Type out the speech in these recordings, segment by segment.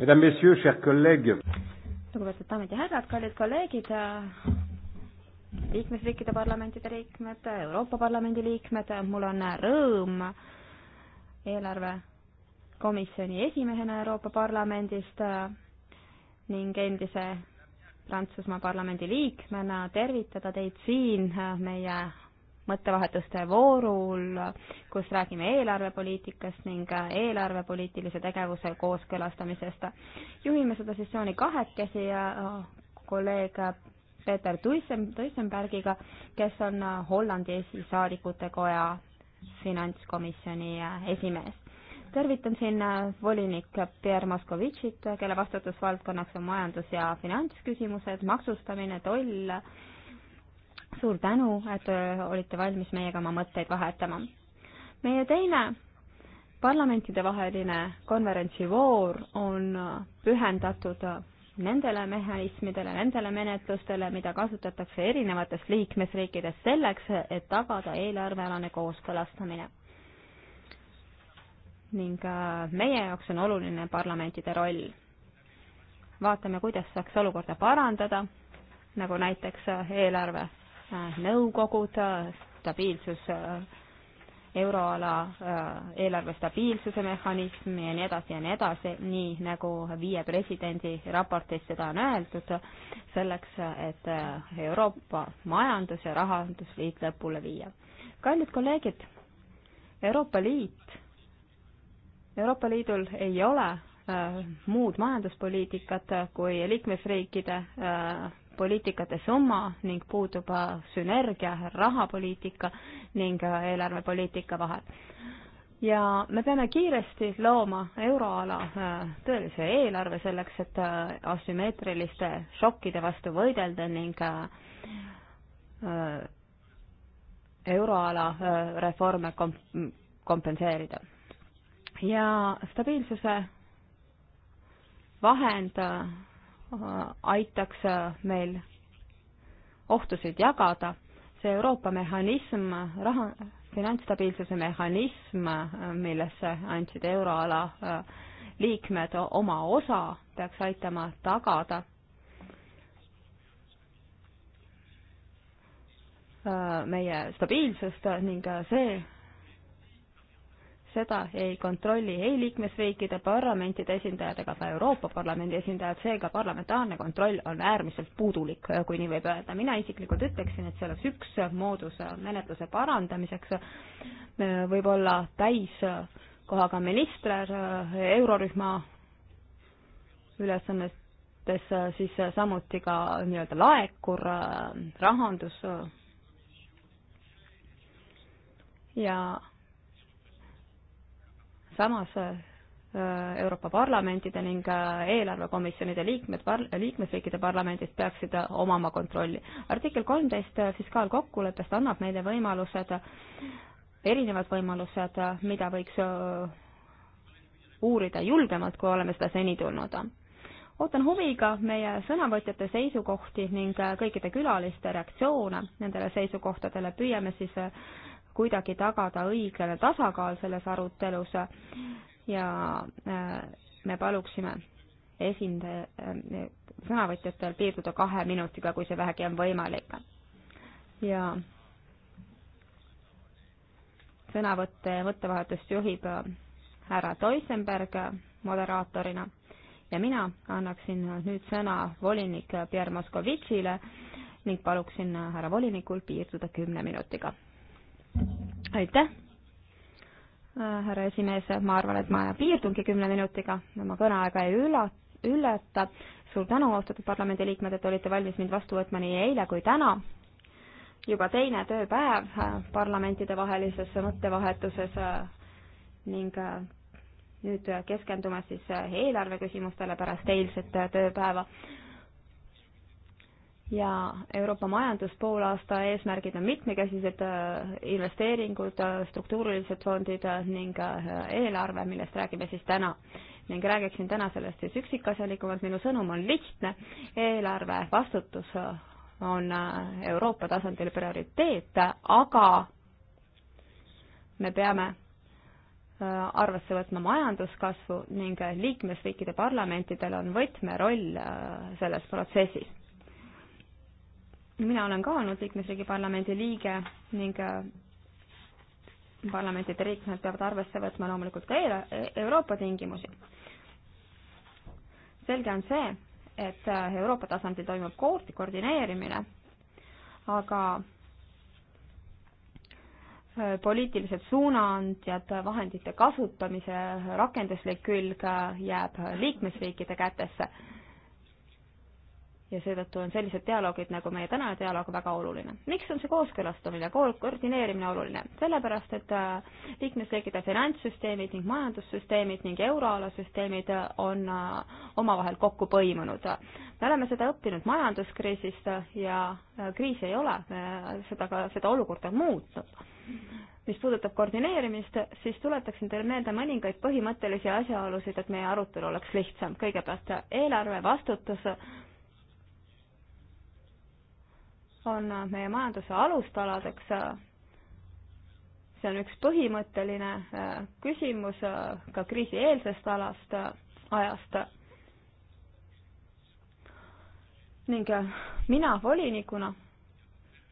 lugupeetud daamid ja härrad, kallid kolleegid, liikmesriikide parlamentide liikmed, Euroopa Parlamendi liikmed, mul on rõõm eelarvekomisjoni esimehena Euroopa Parlamendist ning endise Prantsusmaa parlamendi liikmena tervitada teid siin meie mõttevahetuste voorul, kus räägime eelarvepoliitikast ning eelarvepoliitilise tegevuse kooskõlastamisest. juhime seda sessiooni kahekesi ja oh, kolleeg Peeter Tuisen-, Tuisenbergiga, kes on Hollandi esisaadikute koja finantskomisjoni esimees. tervitan siin volinik Pierre Moskovitšit, kelle vastutusvaldkonnaks on majandus- ja finantsküsimused, maksustamine, toll, suur tänu, et äh, olite valmis meiega oma mõtteid vahetama. meie teine parlamentidevaheline konverentsivoor on äh, pühendatud äh, nendele mehhanismidele, nendele menetlustele, mida kasutatakse erinevates liikmesriikides selleks, et tagada eelarvealane kooskõlastamine. ning meie jaoks on oluline parlamentide roll. vaatame, kuidas saaks olukorda parandada, nagu näiteks eelarve nõukogud, stabiilsus, euroala eelarve stabiilsuse mehhanism ja nii edasi ja nii edasi, nii nagu viie presidendi raportis seda on öeldud, selleks, et Euroopa majandus- ja rahandusliit lõpule viia. kallid kolleegid, Euroopa Liit, Euroopa Liidul ei ole äh, muud majanduspoliitikat kui liikmesriikide äh, poliitikate summa ning puudub äh, sünergia rahapoliitika ning äh, eelarvepoliitika vahel. ja me peame kiiresti looma euroala äh, tõelise eelarve selleks, et asümmeetriliste šokkide vastu võidelda ning euroala reforme komp-, kompenseerida. ja stabiilsuse vahend Äh, aitaks äh, meil ohtusid jagada. see Euroopa mehhanism, raha, finantsstabiilsuse mehhanism, äh, millesse andsid euroala liikmed oma osa, peaks aitama tagada meie stabiilsust ning see seda ei kontrolli ei liikmesriikide parlamentide esindajad ega ka Euroopa Parlamendi esindajad, seega parlamentaarne kontroll on äärmiselt puudulik, kui nii võib öelda. mina isiklikult ütleksin, et see oleks üks moodus menetluse parandamiseks, võib-olla täiskohaga minister eurorühma ülesannetes, siis samuti ka nii-öelda laekur, rahandus ja samas Euroopa Parlamentide ning eelarvekomisjonide liikmed par-, liikmesriikide parlamendist peaksid omama kontrolli. artikkel kolmteist fiskaalkokkuleppest annab meile võimalused, erinevad võimalused, mida võiks uurida julgemalt, kui oleme seda seni tulnud. ootan huviga meie sõnavõtjate seisukohti ning kõikide külaliste reaktsioone nendele seisukohtadele, püüame siis kuidagi tagada õiglane tasakaal selles arutelus ja äh, me paluksime esindaja, äh, sõnavõtjatel piirduda kahe minutiga, kui see vähegi on võimalik. ja sõnavõtte ja mõttevahetust juhib äh, härra Toisenberg moderaatorina ja mina annaksin nüüd sõna volinik Pierre Moskovitšile ning paluksin härra volinikul piirduda kümne minutiga aitäh, äh, härra esimees, ma arvan, et ma piirdungi kümne minutiga, oma kõneaega ei üla, ületa. suur tänu, austatud parlamendiliikmed, et olite valmis mind vastu võtma nii eile kui täna. juba teine tööpäev äh, parlamentidevahelises mõttevahetuses äh, ning nüüd keskendume siis eelarve küsimustele pärast eilset tööpäeva ja Euroopa majanduspoolaasta eesmärgid on mitmekesised äh, investeeringud, äh, struktuurilised fondid äh, ning eelarve, millest räägime siis täna. ning räägiksin täna sellest siis üksikasjalikumalt, minu sõnum on lihtne, eelarve vastutus on Euroopa tasandil prioriteet, aga me peame arvesse võtma majanduskasvu ning liikmesriikide parlamentidel on võtmeroll selles protsessis mina olen ka olnud liikmesriigi parlamendi liige ning äh, parlamentide liikmed peavad arvesse võtma loomulikult ka Euroopa tingimusi. selge on see, et äh, Euroopa tasandil toimub koostöö koordineerimine, aga äh, poliitilised suunaandjad, vahendite kasutamise rakenduslik külg jääb liikmesriikide kätesse ja seetõttu on sellised dialoogid nagu meie tänane dialoog väga oluline. miks on see kooskõlastamine, koordineerimine oluline? sellepärast, et äh, liikmesriikide finantssüsteemid ning majandussüsteemid ning euroala süsteemid äh, on äh, omavahel kokku põimunud. me oleme seda õppinud majanduskriisist ja kriisi ei ole, seda ka, seda olukorda on muutnud mis puudutab koordineerimist, siis tuletaksin teile meelde mõningaid põhimõttelisi asjaolusid, et meie arutelu oleks lihtsam. kõigepealt eelarve vastutus on meie majanduse alustaladeks. see on üks põhimõtteline äh, küsimus äh, ka kriisieelsest alast, äh, ajast. ning mina volinikuna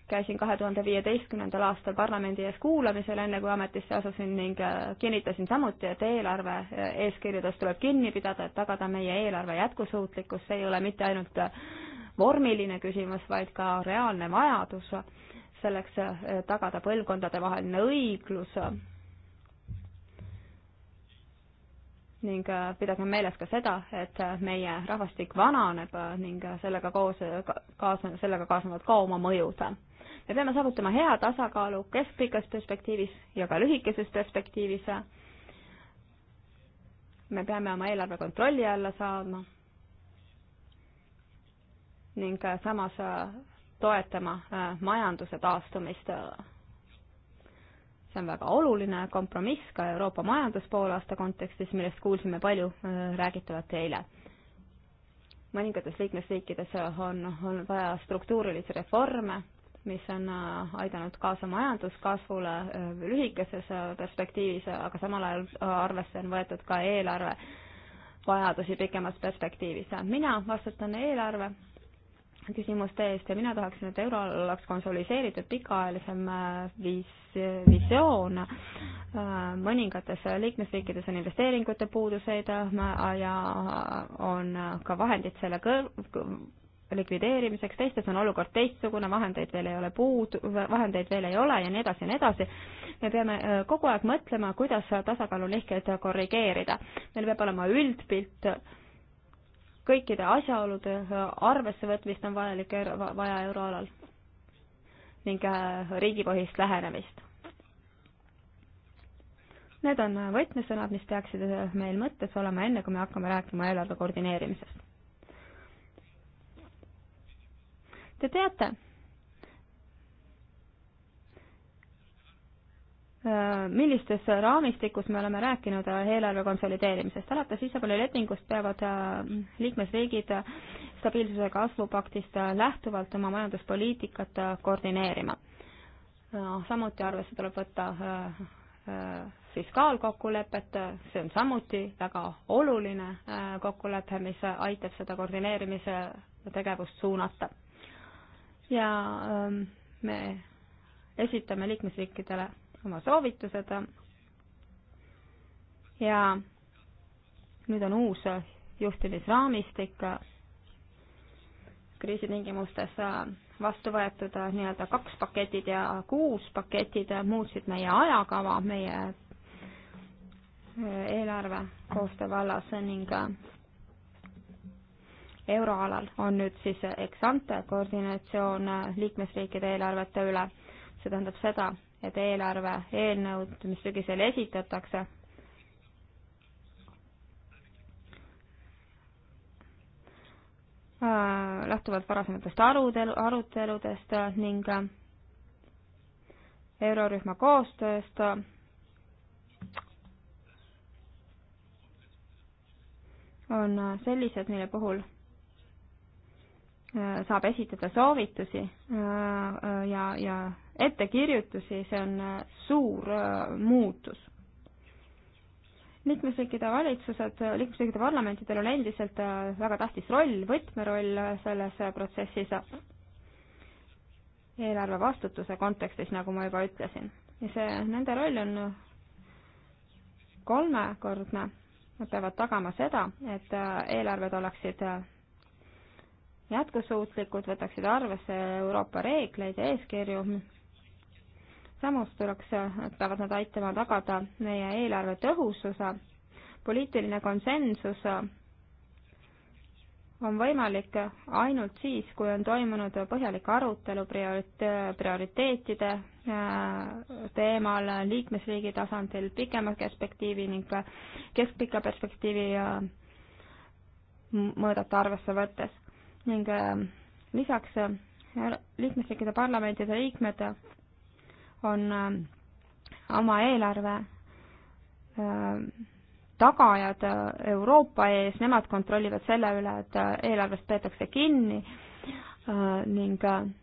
käisin kahe tuhande viieteistkümnendal aastal parlamendi ees kuulamisel, enne kui ametisse asusin ning kinnitasin samuti, et eelarve eeskirjadest tuleb kinni pidada, et tagada meie eelarve jätkusuutlikkus, see ei ole mitte ainult äh, vormiline küsimus, vaid ka reaalne vajadus selleks eh, tagada põlvkondadevaheline õiglus. ning eh, pidagem meeles ka seda, et eh, meie rahvastik vananeb ning sellega koos, kaasne, sellega kaasnevad ka oma mõjud. me peame saavutama hea tasakaalu keskpikas perspektiivis ja ka lühikeses perspektiivis. me peame oma eelarve kontrolli alla saama ning äh, samas äh, toetama äh, majanduse taastumist. see on väga oluline kompromiss ka Euroopa majanduspoolaasta kontekstis, millest kuulsime palju räägitavat eile. mõningates liikmesriikides on, on vaja struktuurilisi reforme, mis on aidanud kaasa majanduskasvule lühikeses perspektiivis, aga samal ajal arvesse on võetud ka eelarve vajadusi pikemas perspektiivis. mina vastutan eelarve küsimuste eest ja mina tahaksin, et eurol oleks konsoliseeritud pikaajalisem äh, viis, visioon. Äh, mõningates liikmesriikides on investeeringute puuduseid äh, ja on ka vahendid selle kõr-, likvideerimiseks, teistes on olukord teistsugune, vahendeid veel ei ole puudu, vahendeid veel ei ole ja nii edasi ja nii edasi. me peame kogu aeg mõtlema, kuidas tasakaalunihkeid korrigeerida. meil peab olema üldpilt kõikide asjaolude äh, arvessevõtmist on vajalik, vaja euroalal ning äh, riigipõhist lähenemist. Need on äh, võtmesõnad, mis peaksid meil mõttes olema enne, kui me hakkame rääkima eelarve koordineerimisest. Te teate, millistes raamistikus me oleme rääkinud äh, eelarve konsolideerimisest. alates Lissaboni lepingust peavad äh, liikmesriigid äh, stabiilsuse kasvupaktist lähtuvalt oma majanduspoliitikat koordineerima. samuti arvesse tuleb võtta fiskaalkokkulepet, see on samuti väga oluline kokkulepe, mis aitab seda koordineerimise tegevust suunata. ja ähm, me esitame liikmesriikidele oma soovitused. ja nüüd on uus juhtimisraamistik kriisitingimustes vastu võetud nii-öelda kaks paketid ja kuus paketid muutsid meie ajakava, meie eelarve koostöö vallas ning euroalal on nüüd siis ex ante koordinatsioon liikmesriikide eelarvete üle. see tähendab seda, et eelarve eelnõud, mis sügisel esitatakse, äh, lähtuvalt varasematest arutelu, aruteludest ning äh, eurorühma koostööst on äh, sellised, mille puhul saab esitada soovitusi ja, ja ettekirjutusi, see on äh, suur äh, muutus. liikmesriikide valitsused, äh, liikmesriikide parlamentidel on endiselt väga tähtis roll, võtmeroll selles protsessis eelarve vastutuse kontekstis, nagu ma juba ütlesin. ja see, nende roll on kolmekordne, nad peavad tagama seda, et eelarved oleksid jätkusuutlikud, võtaksid arvesse Euroopa reegleid ja eeskirju, samas tuleks, äh, peavad nad aitama tagada meie eelarve tõhususe, poliitiline konsensus äh, on võimalik ainult siis, kui on toimunud põhjalik arutelu prioriteetide äh, teemal liikmesriigi tasandil pikema perspektiivi ning keskpika perspektiivi mõõdete arvesse võttes ning lisaks liikmesriikide parlamentide liikmed on äh, oma eelarve äh, tagajad äh, Euroopa ees, nemad kontrollivad selle üle, et eelarvest peetakse kinni ning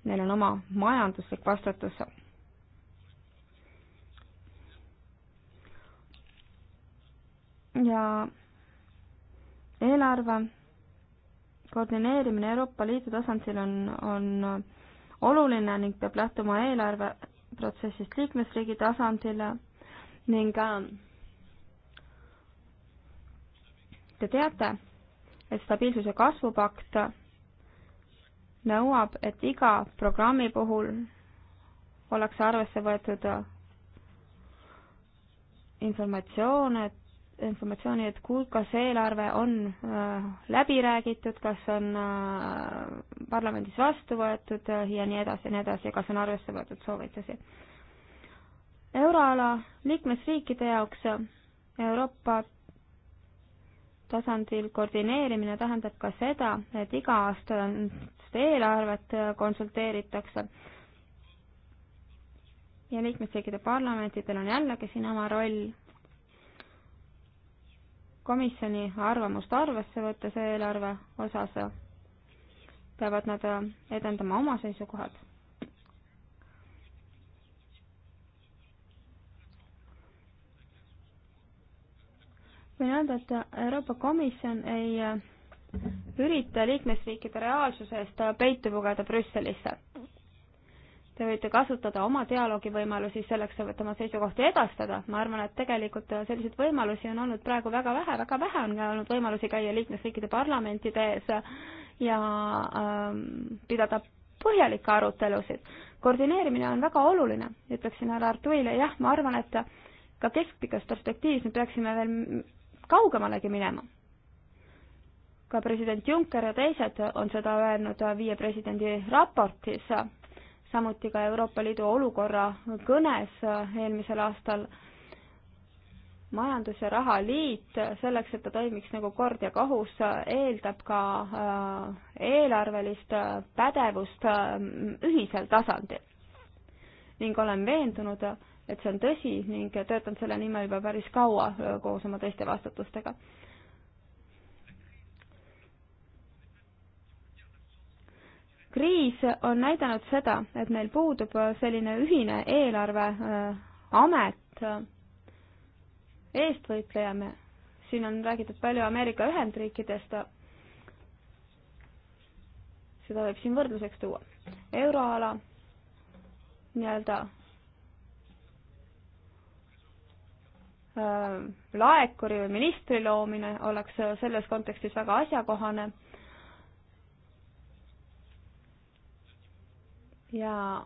neil on oma majanduslik vastutus. ja eelarve koordineerimine Euroopa Liidu tasandil on, on oluline ning peab lähtuma eelarve protsessist liikmesriigi tasandile ning äh, te teate, et stabiilsuse kasvupakt nõuab, et iga programmi puhul ollakse arvesse võetud äh, informatsioon, et informatsiooni, et kui, kas eelarve on äh, läbi räägitud, kas on äh, parlamendis vastu võetud äh, ja nii edasi ja nii edasi ja kas on arvesse võetud soovitusi. euroala liikmesriikide jaoks Euroopa tasandil koordineerimine tähendab ka seda, et iga-aastast eelarvet äh, konsulteeritakse ja liikmesriikide parlamentidel on jällegi siin oma roll komisjoni arvamust arvesse võtta see eelarve osas, peavad nad äh, edendama oma seisukohad. võin öelda, et Euroopa Komisjon ei äh, ürita liikmesriikide reaalsuse eest äh, peitu pugeda Brüsselisse Te võite kasutada oma dialoogivõimalusi selleks, et oma seisukohti edastada. ma arvan, et tegelikult selliseid võimalusi on olnud praegu väga vähe, väga vähe on olnud võimalusi käia liikmesriikide parlamentide ees ja ähm, pidada põhjalikke arutelusid. koordineerimine on väga oluline, ütleksin härra Artuile, jah, ma arvan, et ka keskpikas perspektiivis me peaksime veel kaugemalegi minema ka president Juncker ja teised on seda öelnud viie presidendi raportis samuti ka Euroopa Liidu olukorra kõnes eelmisel aastal majandus- ja rahaliit, selleks, et ta toimiks nagu kord ja kohus, eeldab ka äh, eelarvelist äh, pädevust äh, ühisel tasandil. ning olen veendunud, et see on tõsi ning töötan selle nimel juba päris kaua koos oma teiste vastutustega. kriis on näidanud seda, et meil puudub selline ühine eelarveamet, äh, eestvõitleja me, siin on räägitud palju Ameerika Ühendriikidest, seda võib siin võrdluseks tuua, euroala nii-öelda äh, laekuri või ministri loomine oleks selles kontekstis väga asjakohane ja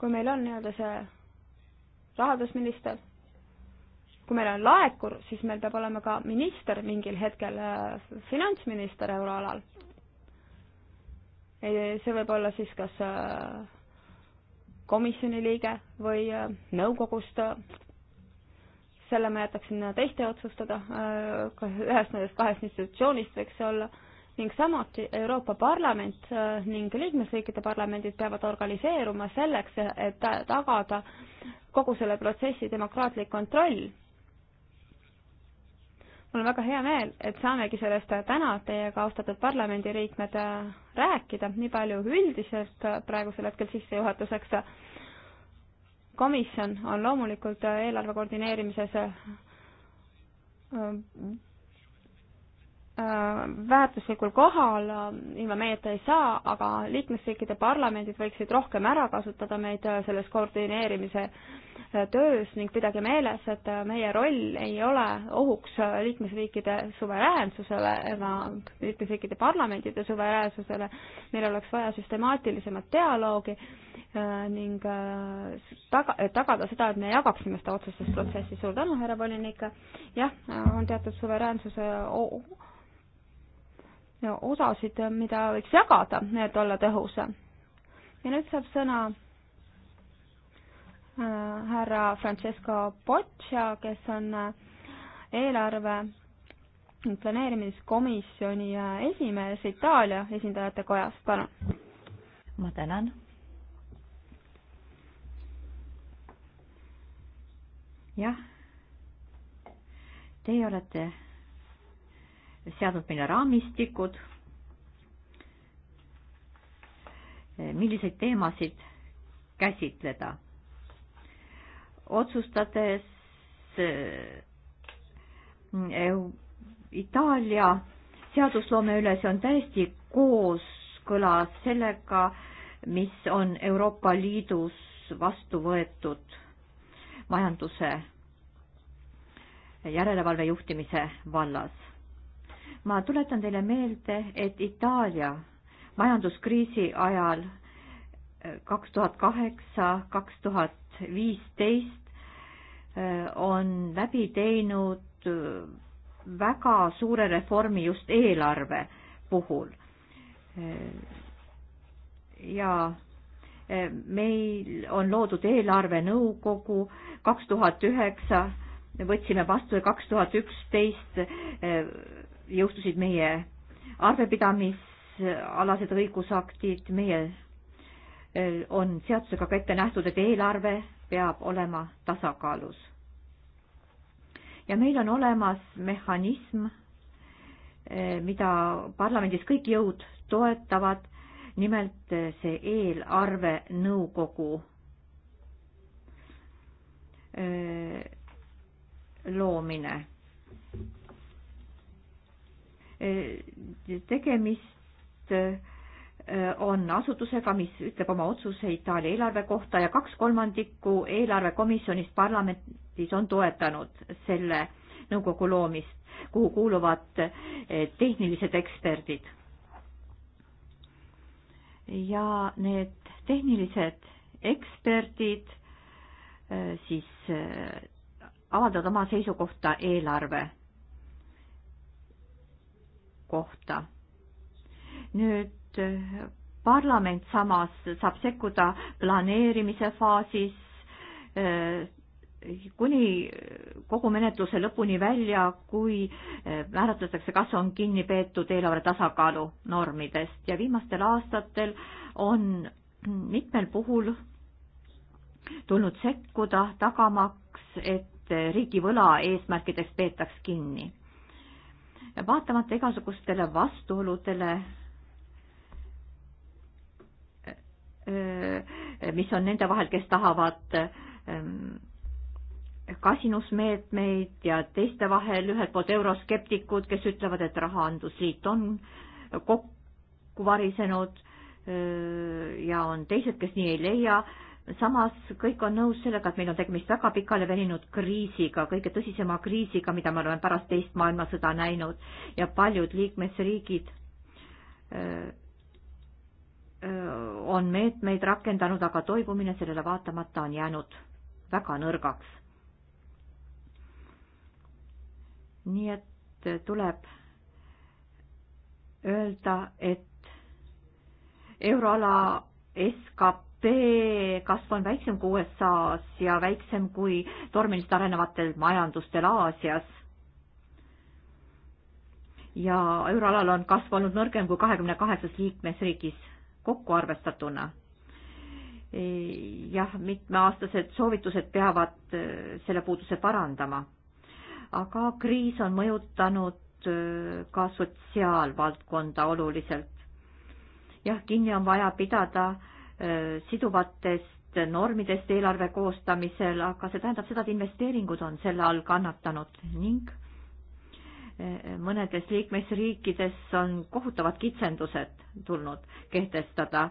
kui meil on nii-öelda see rahandusminister, kui meil on laekur, siis meil peab olema ka minister mingil hetkel, äh, finantsminister euroalal. see võib olla siis kas äh, komisjoni liige või äh, nõukogust selle ma jätaksin teiste otsustada, ühest nendest kahest institutsioonist võiks see olla, ning samuti Euroopa Parlament äh, ning liikmesriikide parlamendid peavad organiseeruma selleks, et tagada kogu selle protsessi demokraatlik kontroll. mul on väga hea meel, et saamegi sellest täna teiega, austatud parlamendiliikmed, äh, rääkida nii palju üldiselt praegusel hetkel sissejuhatuseks komisjon on loomulikult eelarve koordineerimises Äh, väärtuslikul kohal, äh, ilma meieta ei saa, aga liikmesriikide parlamendid võiksid rohkem ära kasutada meid äh, selles koordineerimise töös ning pidage meeles, et meie roll ei ole ohuks liikmesriikide suveräänsusele ega liikmesriikide parlamendide suveräänsusele. meil oleks vaja süstemaatilisemat dialoogi ning taga, tagada seda, et me jagaksime seda otsustusprotsessi. suur tänu, härra volinik. jah, on teatud suveräänsuse osasid, mida võiks jagada, et olla tõhusam. ja nüüd saab sõna äh, härra Francesco Boccia, kes on äh, eelarve planeerimiskomisjoni äh, esimees Itaalia esindajate kojast, palun. ma tänan. jah, teie olete seadnud meile raamistikud, milliseid teemasid käsitleda. otsustades eh, Itaalia seadusloome üle, see on täiesti kooskõlas sellega, mis on Euroopa Liidus vastu võetud majanduse järelevalve juhtimise vallas ma tuletan teile meelde, et Itaalia majanduskriisi ajal eh, kaks tuhat kaheksa, kaks tuhat viisteist eh, on läbi teinud eh, väga suure reformi just eelarve puhul. ja meil on loodud eelarvenõukogu kaks tuhat üheksa, võtsime vastu kaks tuhat üksteist jõustusid meie arvepidamisalased õigusaktid, meie eh, on seadusega ka ette nähtud, et eelarve peab olema tasakaalus. ja meil on olemas mehhanism, eh, mida parlamendis kõik jõud toetavad, nimelt eh, see eelarvenõukogu loomine Eh, tegemist eh, on asutusega, mis ütleb oma otsuse Itaalia eelarve kohta ja kaks kolmandikku eelarvekomisjonist parlamendis on toetanud selle nõukogu loomist, kuhu kuuluvad eh, tehnilised eksperdid. ja need tehnilised eksperdid siis avaldavad oma seisukohta eelarve kohta. nüüd parlament samas saab sekkuda planeerimise faasis eh, kuni kogu menetluse lõpuni välja, kui eh, määratletakse, kas on kinni peetud eelarve tasakaalu normidest ja viimastel aastatel on mitmel puhul tulnud sekkuda tagamaks, et riigivõla eesmärkidest peetaks kinni vaatamata igasugustele vastuoludele, äh, mis on nende vahel, kes tahavad ähm, kasinusmeetmeid ja teiste vahel, ühelt poolt euroskeptikud, kes ütlevad, et rahandusliit on kokku varisenud äh, ja on teised, kes nii ei leia samas kõik on nõus sellega, et meil on tegemist väga pikale veninud kriisiga, kõige tõsisema kriisiga, mida me oleme pärast teist maailmasõda näinud ja paljud liikmesriigid äh, äh, on meetmeid rakendanud, aga toibumine sellele vaatamata on jäänud väga nõrgaks. nii et tuleb öelda, et euroala SKP SKT kasv on väiksem kui USA-s ja väiksem kui tormiliselt arenevatel majandustel Aasias. ja euroalal on kasv olnud nõrgem kui kahekümne kaheksas liikmesriigis kokku arvestatuna. E, jah, mitmeaastased soovitused peavad e, selle puuduse parandama. aga kriis on mõjutanud e, ka sotsiaalvaldkonda oluliselt. jah, kinni on vaja pidada Äh, siduvatest normidest eelarve koostamisel, aga see tähendab seda, et investeeringud on selle all kannatanud ning äh, mõnedes liikmesriikides on kohutavad kitsendused tulnud kehtestada.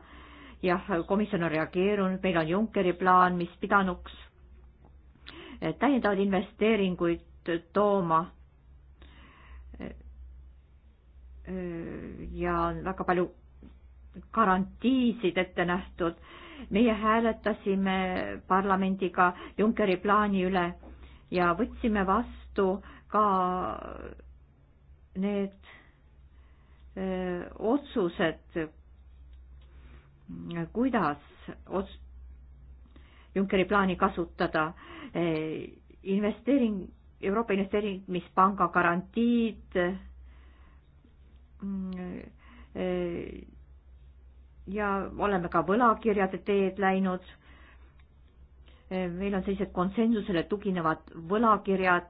jah, komisjon on reageerunud, meil on Junckeri plaan, mis pidanuks äh, täiendavaid investeeringuid tooma ja on väga palju garantiisid ette nähtud. meie hääletasime parlamendiga Junckeri plaani üle ja võtsime vastu ka need öö, otsused, kuidas ots-, Junckeri plaani kasutada e,, investeering, Euroopa Investeerimispanga garantiid e,, ja oleme ka võlakirjade teed läinud. meil on sellised konsensusele tuginevad võlakirjad.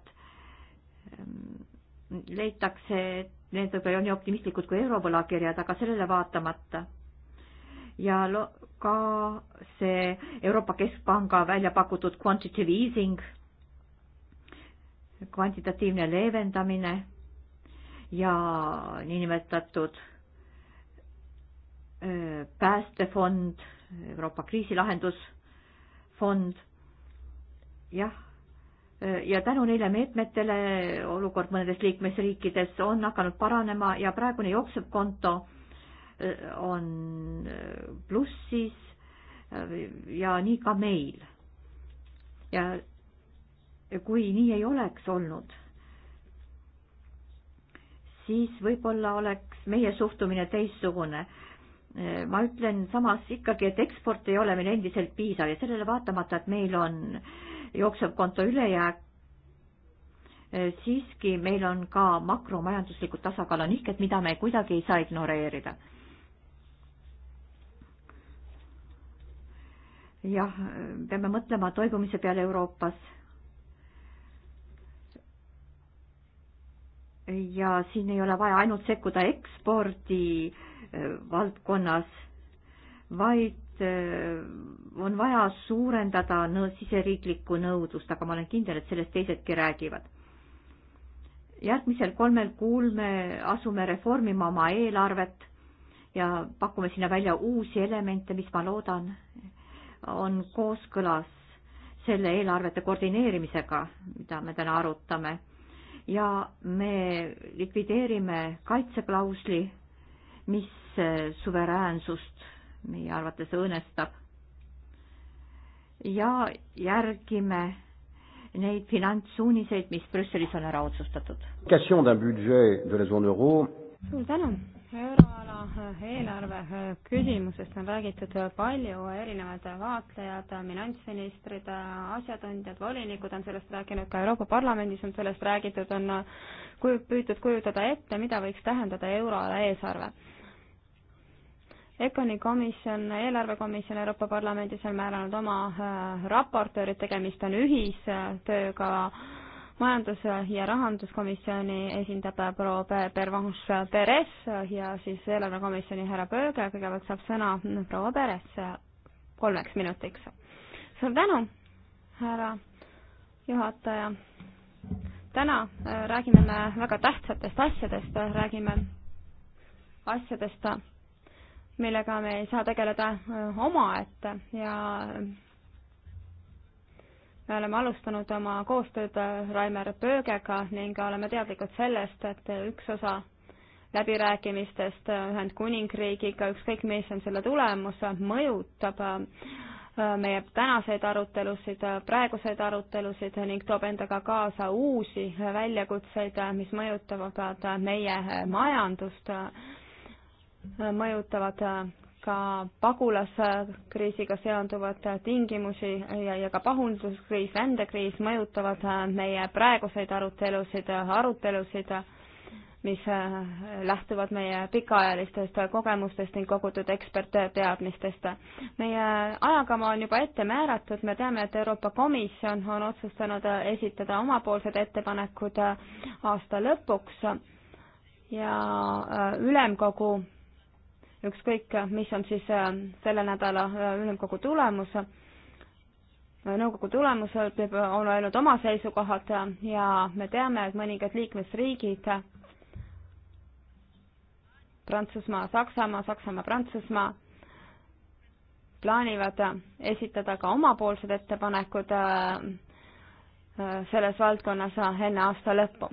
leitakse, et need võib-olla ei ole nii optimistlikud kui eurovõlakirjad, aga sellele vaatamata ja lo-, ka see Euroopa Keskpanga välja pakutud quantitative easing, kvantitatiivne leevendamine ja niinimetatud päästefond, Euroopa kriisilahendusfond, jah, ja tänu neile meetmetele olukord mõnedes liikmesriikides on hakanud paranema ja praegune jooksev konto e, on e, plussis e, ja nii ka meil. ja kui nii ei oleks olnud, siis võib-olla oleks meie suhtumine teistsugune Eh, ma ütlen samas ikkagi, et eksport ei ole meil endiselt piisav ja sellele vaatamata, et meil on jooksev konto ülejääk, eh, siiski meil on ka makromajanduslikud tasakaalunihked, mida me kuidagi ei saa ignoreerida. jah, peame mõtlema toibumise peale Euroopas. ja siin ei ole vaja ainult sekkuda ekspordi äh, valdkonnas, vaid äh, on vaja suurendada nõ-, siseriiklikku nõudlust, aga ma olen kindel, et sellest teisedki räägivad. järgmisel kolmel kuul me asume reformima oma eelarvet ja pakume sinna välja uusi elemente, mis ma loodan, on kooskõlas selle eelarvete koordineerimisega, mida me täna arutame ja me likvideerime kaitseklausli mis suveräänsust meie arvates õõnestab. ja järgime neid finantssuuniseid, mis Brüsselis on ära otsustatud. suur tänu euroala eelarve küsimusest on räägitud palju, erinevad vaatlejad, finantsministrid, asjatundjad, volinikud on sellest rääkinud, ka Euroopa Parlamendis on sellest räägitud, on püütud kujutada ette, mida võiks tähendada euroala eesarve. ECONi komisjon, eelarvekomisjon Euroopa Parlamendis on määranud oma äh, raportöörid, tegemist on ühistööga majandus- ja rahanduskomisjoni esindab äh, proua Pervanche Perez ja siis eelarvekomisjoni härra Pööge, kõigepealt saab sõna mm, proua Perez äh, kolmeks minutiks. suur tänu, härra juhataja täna äh, räägime me väga tähtsatest asjadest, äh, räägime asjadest, millega me ei saa tegeleda äh, omaette ja me oleme alustanud oma koostööd Raimer Pöögega ning oleme teadlikud sellest, et üks osa läbirääkimistest Ühendkuningriigiga, ükskõik mis on selle tulemus, mõjutab Äh, meie tänaseid arutelusid, äh, praeguseid arutelusid ning toob endaga kaasa uusi väljakutseid, äh, mis mõjutavad meie majandust, mõjutavad ka pagulaskriisiga seonduvad tingimusi ja, ja ka pahunduskriis, rändekriis mõjutavad meie praeguseid arutelusid, arutelusid mis äh, lähtuvad meie pikaajalistest kogemustest ning kogutud ekspertteadmistest. meie ajakava on juba ette määratud, me teame, et Euroopa Komisjon on otsustanud äh, esitada omapoolsed ettepanekud äh, aasta lõpuks ja ülemkogu ükskõik, mis on siis selle nädala ülemkogu tulemus, nõukogu tulemusel on öelnud oma seisukohad ja me teame, et mõningad liikmesriigid Prantsusmaa, Saksamaa, Saksamaa, Prantsusmaa plaanivad esitada ka omapoolsed ettepanekud äh, äh, selles valdkonnas enne aasta lõppu.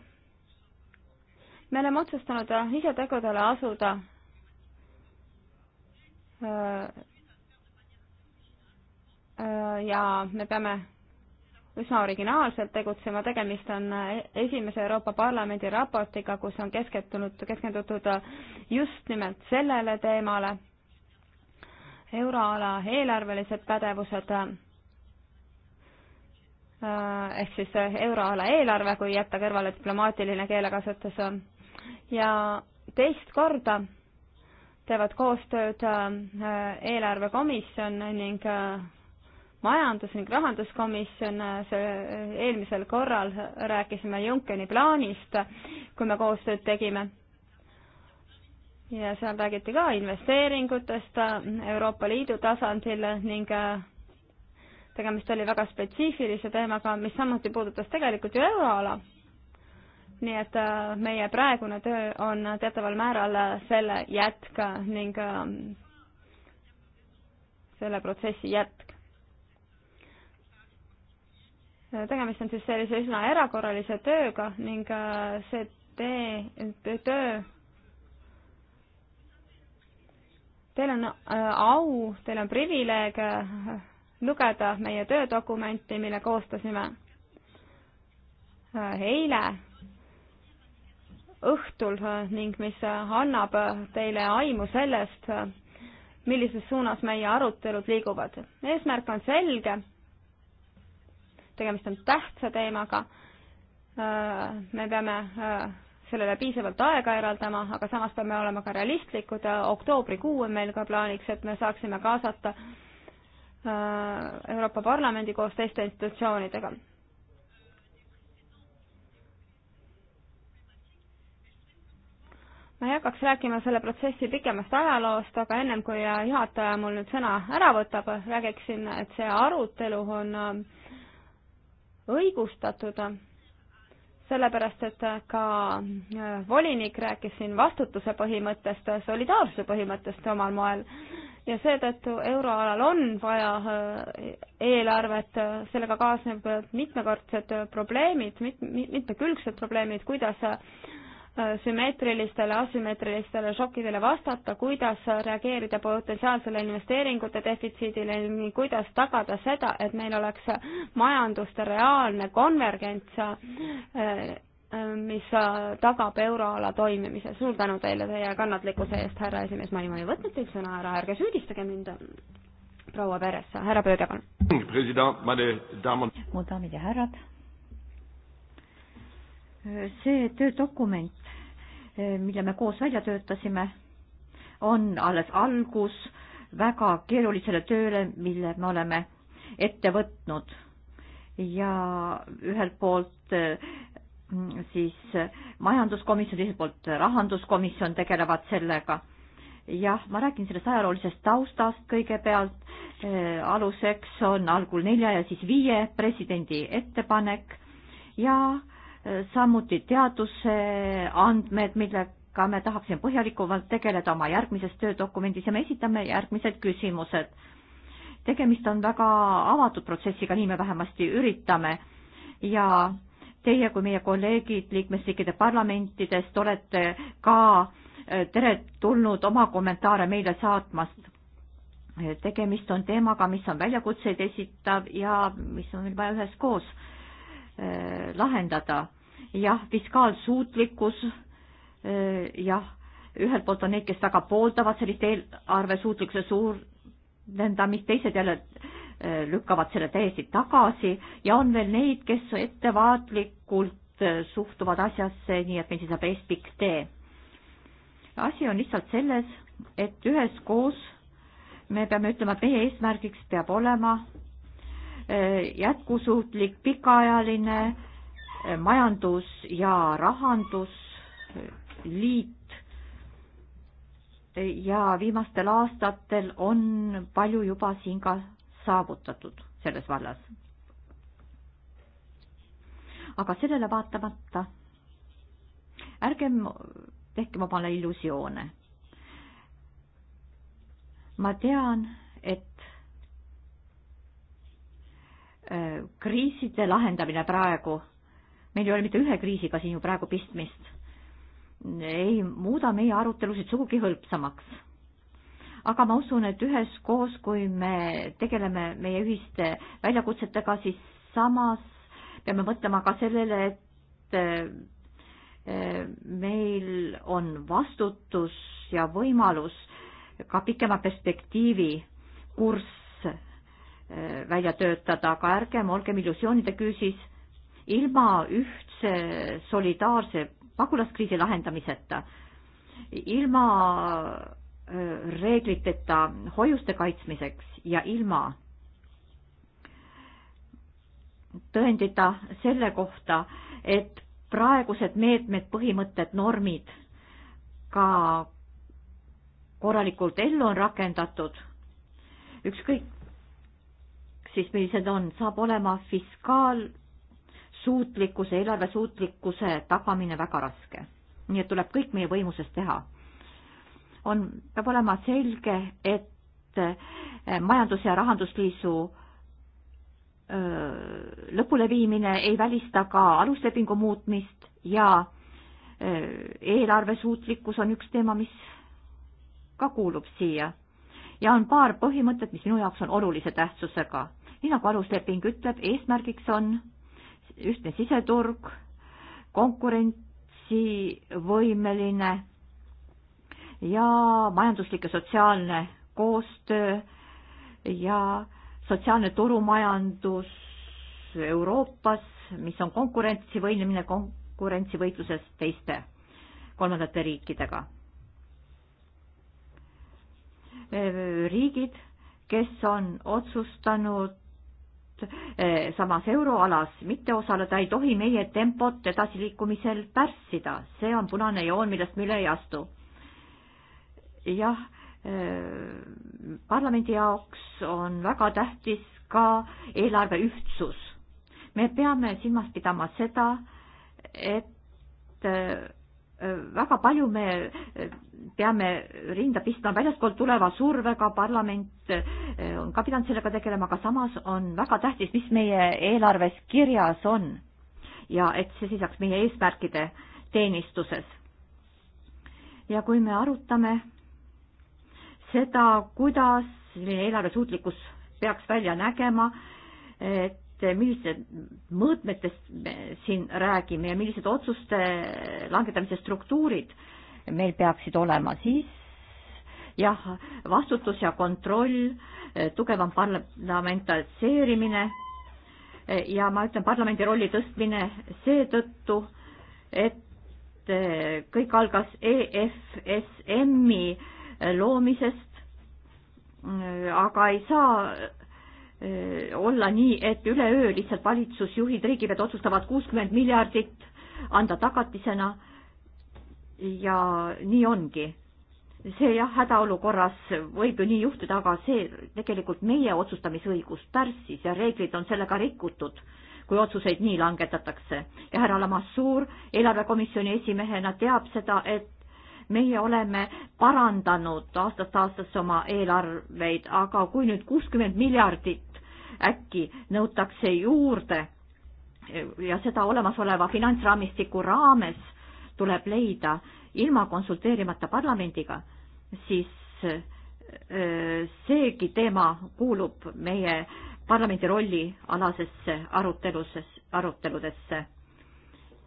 me oleme otsustanud ise tegudele asuda äh, ja me peame üsna originaalselt tegutsema, tegemist on esimese Euroopa Parlamendi raportiga, kus on keskendunud, keskendutud just nimelt sellele teemale, euroala eelarvelised pädevused äh, ehk siis euroala eelarve, kui jätta kõrvale diplomaatiline keelekasutus. ja teist korda teevad koostööd äh, eelarvekomisjon ning äh, majandus- ning rahanduskomisjon, äh, see äh, eelmisel korral rääkisime Junckeri plaanist, kui me koostööd tegime. ja seal räägiti ka investeeringutest äh, Euroopa Liidu tasandil ning tegemist oli väga spetsiifilise teemaga, mis samuti puudutas tegelikult ju euroala. nii et meie praegune töö on teataval määral selle jätk ning selle protsessi jätk tegemist on siis sellise üsna erakorralise tööga ning äh, see tee, töö Teil on äh, au, teil on privileeg äh, lugeda meie töödokumenti, mille koostasime eile õhtul ning mis annab teile aimu sellest, millises suunas meie arutelud liiguvad. eesmärk on selge tegemist on tähtsa teemaga, äh, me peame äh, sellele piisavalt aega eraldama, aga samas peame olema ka realistlikud, äh, oktoobrikuu on meil ka plaaniks, et me saaksime kaasata Euroopa Parlamendi koos teiste institutsioonidega. ma ei hakkaks rääkima selle protsessi pikemast ajaloost, aga ennem kui juhataja mul nüüd sõna ära võtab, räägiksin, et see arutelu on äh, õigustatud, sellepärast et ka äh, volinik rääkis siin vastutuse põhimõttest, solidaarsuse põhimõttest omal moel ja seetõttu euroalal on vaja äh, eelarvet, äh, sellega kaasneb mitmekordsed probleemid mit,, mitmekülgsed probleemid, kuidas sümmeetrilistele, asümmeetrilistele šokkidele vastata, kuidas reageerida potentsiaalsele investeeringute defitsiidile ning kuidas tagada seda, et meil oleks majanduste reaalne konvergents, mis tagab euroala toimimise. suur tänu teile teie kannatlikkuse eest, härra esimees, ma niimoodi ei võtnud teilt sõna ära, ärge süüdistage mind, proua Peres, härra Pööge, palun. president, mu daamid ja härrad see töödokument, mille me koos välja töötasime, on alles algus väga keerulisele tööle, mille me oleme ette võtnud. ja ühelt poolt mm, siis majanduskomisjon, teiselt poolt rahanduskomisjon tegelevad sellega. jah, ma räägin sellest ajaloolisest taustast kõigepealt. Äh, aluseks on algul nelja ja siis viie presidendi ettepanek ja äh, samuti teaduse andmed, millega me tahaksime põhjalikumalt tegeleda oma järgmises töödokumendis ja me esitame järgmised küsimused. tegemist on väga avatud protsessiga, nii me vähemasti üritame ja teie kui meie kolleegid liikmesriikide parlamentidest olete ka eh, teretulnud oma kommentaare meile saatmast. tegemist on teemaga, mis on väljakutseid esitav ja mis on meil vaja üheskoos Äh, lahendada. jah, fiskaalsuutlikkus, äh, jah, ühelt poolt on need, kes väga pooldavad sellist eelarvesuutlikkuse suurendamist, teised jälle äh, lükkavad selle täiesti tagasi ja on veel neid, kes ettevaatlikult suhtuvad asjasse, nii et meil siis saab ees pikk tee. asi on lihtsalt selles, et üheskoos me peame ütlema, et meie eesmärgiks peab olema jätkusuutlik pikaajaline eh, majandus- ja rahandusliit ja viimastel aastatel on palju juba siin ka saavutatud selles vallas. aga sellele vaatamata ärgem tehkem omale illusioone. ma tean, et kriiside lahendamine praegu, meil ei ole mitte ühe kriisiga siin ju praegu pistmist, ei muuda meie arutelusid sugugi hõlpsamaks. aga ma usun, et üheskoos, kui me tegeleme meie ühiste väljakutsetega, siis samas peame mõtlema ka sellele, et e, meil on vastutus ja võimalus ka pikema perspektiivi kurss välja töötada, aga ärgem olgem illusioonide küüsis. ilma ühtse solidaarse pagulaskriisi lahendamiseta, ilma reegliteta hoiuste kaitsmiseks ja ilma tõendita selle kohta, et praegused meetmed, põhimõtted, normid ka korralikult ellu on rakendatud, ükskõik siis millised on, saab olema fiskaalsuutlikkuse, eelarvesuutlikkuse tagamine väga raske. nii et tuleb kõik meie võimuses teha. on, peab olema selge, et eh, majandus- ja rahandusliisu lõpuleviimine ei välista ka aluslepingu muutmist ja eelarvesuutlikkus on üks teema, mis ka kuulub siia. ja on paar põhimõtet, mis minu jaoks on olulise tähtsusega nii nagu alusleping ütleb, eesmärgiks on ühtne siseturg, konkurentsivõimeline ja majanduslik ja sotsiaalne koostöö ja sotsiaalne turumajandus Euroopas, mis on konkurentsivõimeline konkurentsivõitluses teiste kolmandate riikidega. riigid, kes on otsustanud Eh, samas euroalas mitte osaleda, ei tohi meie tempot edasiliikumisel pärssida, see on punane joon, millest me üle ei astu. jah, eh, parlamendi jaoks on väga tähtis ka eelarve ühtsus. me peame silmas pidama seda, et eh, väga palju me eh, peame rinda pistma väljaspoolt tuleva survega, parlament eh, on ka pidanud sellega tegelema, aga samas on väga tähtis, mis meie eelarves kirjas on. ja et see seisaks meie eesmärkide teenistuses. ja kui me arutame seda, kuidas meie eelarve suutlikkus peaks välja nägema, et Eh, millistest mõõtmetest me siin räägime ja millised otsuste langetamise struktuurid meil peaksid olema, siis jah, vastutus ja kontroll, eh, tugevam parlamentaseerimine eh, ja ma ütlen, parlamendi rolli tõstmine seetõttu, et kõik algas EFSM-i loomisest, mm, aga ei saa olla nii, et üleöö lihtsalt valitsusjuhid, riigipead otsustavad kuuskümmend miljardit anda tagatisena ja nii ongi. see jah, hädaolukorras võib ju nii juhtuda, aga see tegelikult meie otsustamisõigus pärssis ja reeglid on sellega rikutud, kui otsuseid nii langetatakse. ja härra Lamassuur eelarvekomisjoni esimehena teab seda, et meie oleme parandanud aastast aastasse oma eelarveid, aga kui nüüd kuuskümmend miljardit äkki nõutakse juurde ja seda olemasoleva finantsraamistiku raames tuleb leida ilma konsulteerimata parlamendiga, siis äh, seegi teema kuulub meie parlamendi rolli alasesse aruteluses, aruteludesse.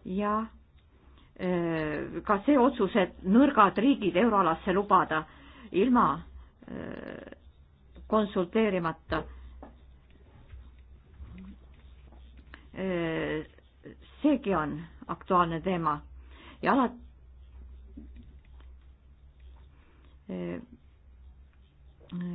ja äh, ka see otsus, et nõrgad riigid euroalasse lubada ilma äh, konsulteerimata Äh, seegi on aktuaalne teema ja alati äh,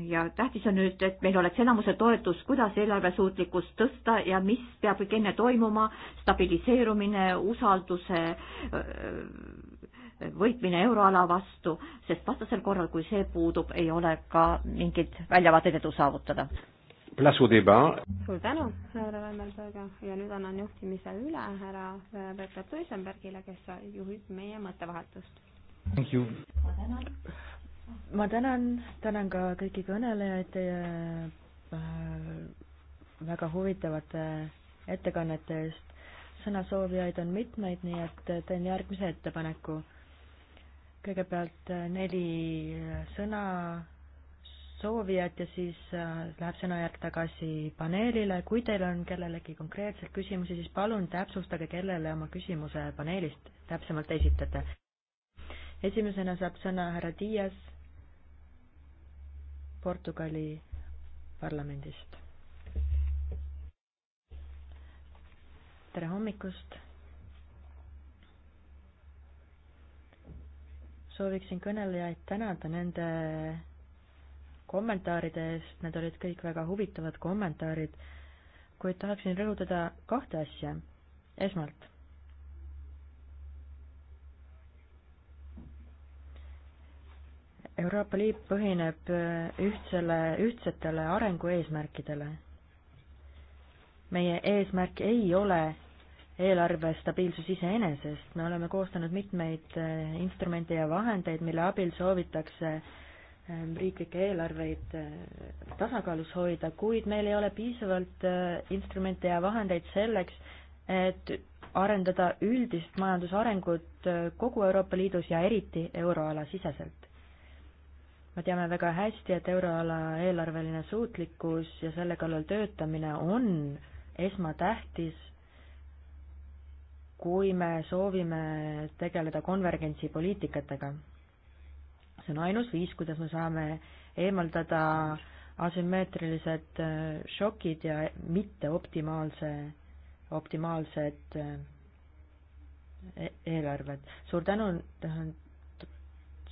ja tähtis on nüüd, et meil oleks enamuse toetus, kuidas eelarvesuutlikkust tõsta ja mis peab kõik enne toimuma, stabiliseerumine, usalduse äh, võitmine euroala vastu, sest vastasel korral, kui see puudub, ei ole ka mingit väljavaadet edu saavutada place au débat. suur tänu, härra Vemmelberg ja nüüd annan juhtimise üle härra Peeter Tuisenbergile, kes juhib meie mõttevahetust. ma tänan, tänan ka kõiki kõnelejaid teie äh, väga huvitavate ettekannete eest. sõnasoovijaid on mitmeid, nii et teen järgmise ettepaneku. kõigepealt äh, neli äh, sõna soovijad ja siis äh, läheb sõnajärg tagasi paneelile. kui teil on kellelegi konkreetselt küsimusi, siis palun täpsustage, kellele oma küsimuse paneelist täpsemalt esitate. esimesena saab sõna härra Dias Portugali parlamendist. tere hommikust sooviksin kõnelejaid tänada nende kommentaaride eest, need olid kõik väga huvitavad kommentaarid, kuid tahaksin rõhutada kahte asja. esmalt, Euroopa Liit põhineb ühtsele, ühtsetele arengueesmärkidele. meie eesmärk ei ole eelarve stabiilsus iseenesest, me oleme koostanud mitmeid eh, instrumente ja vahendeid, mille abil soovitakse äh, Ähm, riiklikke eelarveid äh, tasakaalus hoida, kuid meil ei ole piisavalt äh, instrumente ja vahendeid selleks, et arendada üldist majandusarengut äh, kogu Euroopa Liidus ja eriti euroala siseselt. me teame väga hästi, et euroala eelarveline suutlikkus ja selle kallal töötamine on esmatähtis, kui me soovime tegeleda konvergentsipoliitikatega see on ainus viis, kuidas me saame eemaldada asümmeetrilised äh, šokid ja mitteoptimaalse, optimaalsed äh, e-, eelarved. suur tänu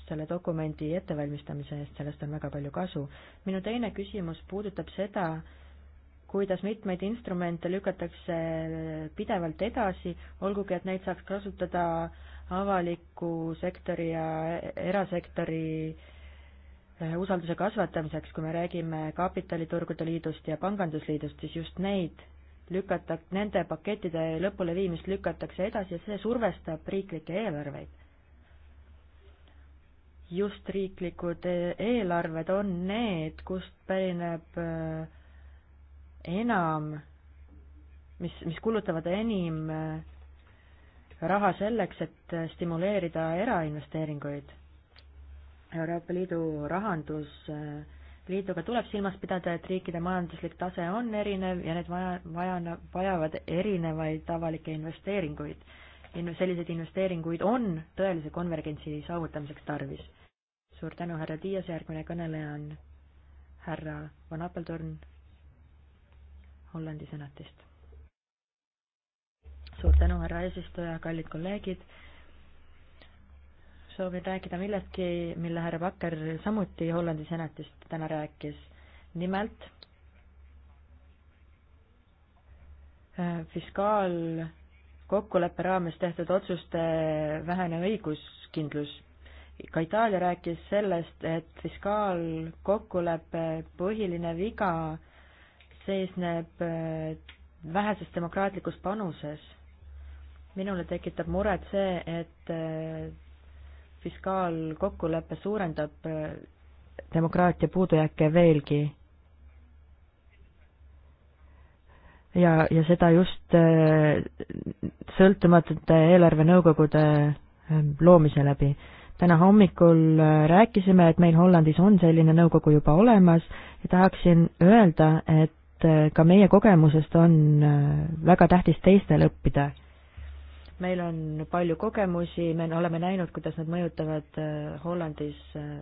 selle dokumendi ettevalmistamise eest, sellest on väga palju kasu. minu teine küsimus puudutab seda, kuidas mitmeid instrumente lükatakse pidevalt edasi, olgugi et neid saaks kasutada äh, avaliku sektori ja erasektori eh, usalduse kasvatamiseks, kui me räägime kapitaliturgude liidust ja pangandusliidust, siis just neid lükata, nende pakettide lõpuleviimist lükatakse edasi ja see survestab riiklikke eelarveid. just riiklikud eh, eelarved on need, kust pärineb eh, enam, mis, mis kulutavad enim raha selleks, et stimuleerida erainvesteeringuid. Euroopa Liidu rahandusliiduga tuleb silmas pidada, et riikide majanduslik tase on erinev ja need vaja, vaja, vajavad erinevaid avalikke investeeringuid. selliseid investeeringuid on tõelise konvergentsi saavutamiseks tarvis. suur tänu, härra Tiias, järgmine kõneleja on härra Van Appeltorn Hollandi senatist suur tänu, härra eesistuja, kallid kolleegid. soovin rääkida millestki, mille härra Bakker samuti Hollandi senatist täna rääkis. nimelt äh, fiskaalkokkuleppe raames tehtud otsuste vähene õiguskindlus. ka Itaalia rääkis sellest, et fiskaalkokkuleppe põhiline viga seisneb äh, väheses demokraatlikus panuses minule tekitab muret see, et äh, fiskaalkokkulepe suurendab äh, demokraatia puudujääke veelgi. ja, ja seda just äh, sõltumatute eelarvenõukogude loomise läbi. täna hommikul rääkisime, et meil Hollandis on selline nõukogu juba olemas ja tahaksin öelda, et ka meie kogemusest on väga tähtis teistel õppida meil on palju kogemusi, me oleme näinud, kuidas nad mõjutavad äh, Hollandis äh,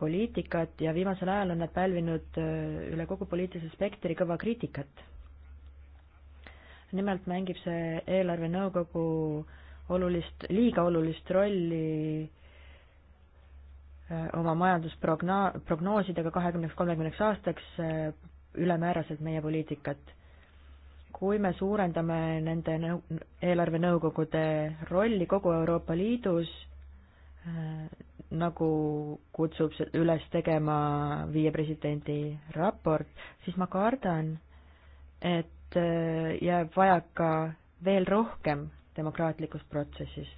poliitikat ja viimasel ajal on nad pälvinud äh, üle kogu poliitilise spektri kõva kriitikat. nimelt mängib see eelarvenõukogu olulist, liiga olulist rolli oma majandusprognoosidega kahekümneks, kolmekümneks aastaks ülemääraselt meie poliitikat kui me suurendame nende nõu-, eelarvenõukogude rolli kogu Euroopa Liidus, äh, nagu kutsub üles tegema viie presidendi raport, siis ma kardan, et äh, jääb vajaka veel rohkem demokraatlikus protsessis.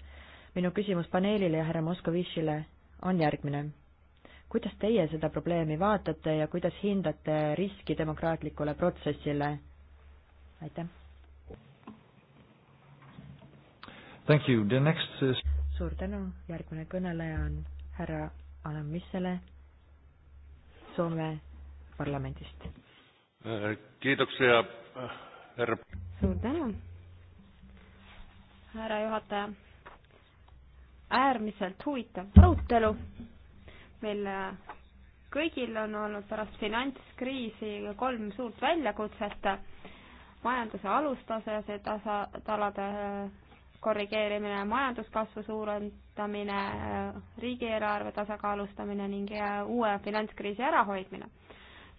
minu küsimus paneelile ja härra Moskovitšile on järgmine. kuidas teie seda probleemi vaatate ja kuidas hindate riski demokraatlikule protsessile aitäh. Thank you, the next is... suur tänu, järgmine kõneleja on härra Alan Missele Soome parlamendist. Äh, kiitoksia, äh, härra. suur tänu, härra juhataja. äärmiselt huvitav arutelu. meil kõigil on olnud pärast finantskriisi kolm suurt väljakutset majanduse alustase, see tasa, talade äh, korrigeerimine, majanduskasvu suurendamine, äh, riigieelarve tasakaalustamine ning äh, uue finantskriisi ärahoidmine.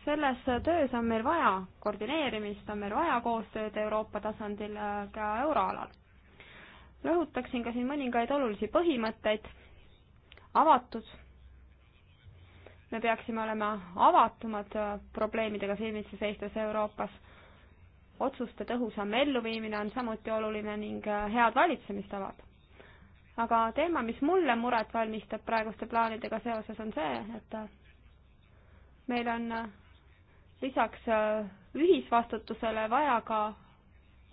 selles töös on meil vaja koordineerimist, on meil vaja koostööd Euroopa tasandil ka euroalal. rõhutaksin ka siin mõningaid olulisi põhimõtteid, avatus, me peaksime olema avatumad probleemidega silmitsi seistes Euroopas otsuste tõhusam elluviimine on samuti oluline ning äh, head valitsemistavad. aga teema, mis mulle muret valmistab praeguste plaanidega seoses, on see, et äh, meil on äh, lisaks ühisvastutusele vaja ka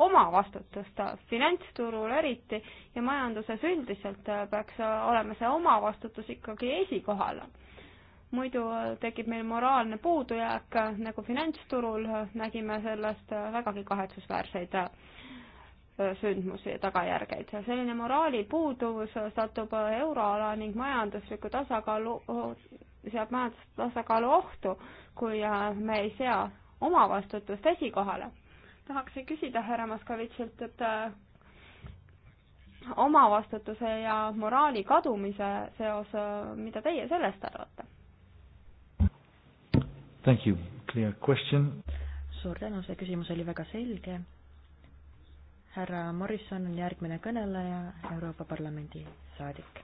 oma vastutust finantsturul eriti ja majanduses üldiselt peaks olema see omavastutus ikkagi esikohal muidu tekib meil moraalne puudujääk, nagu finantsturul nägime sellest vägagi kahetsusväärseid äh, sündmusi ja tagajärgeid. selline moraali puuduvus satub euroala ning majandusliku tasakaalu, seab majandustasakaalu ohtu, kui äh, me ei sea omavastutust esikohale. tahaksin küsida härra Moskovitšilt, et äh, omavastutuse ja moraali kadumise seos, mida teie sellest arvate? Thank you, clear question. suur tänu, see küsimus oli väga selge. härra Morrison on järgmine kõneleja, Euroopa Parlamendi saadik.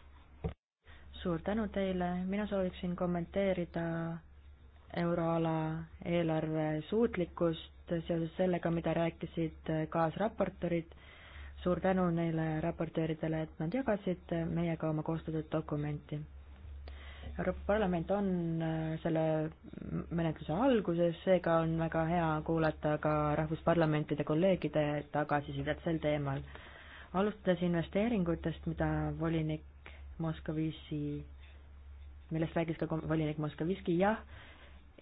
suur tänu teile, mina sooviksin kommenteerida euroala eelarve suutlikkust seoses sellega, mida rääkisid kaasraportorid. suur tänu neile raportööridele, et nad jagasid meiega oma koostatud dokumenti Euroopa Parlament on äh, selle menetluse alguses, seega on väga hea kuulata ka rahvusparlamentide kolleegide tagasisidet sel teemal. alustades investeeringutest, mida volinik Moskovici, millest rääkis ka volinik Moskoviski, jah,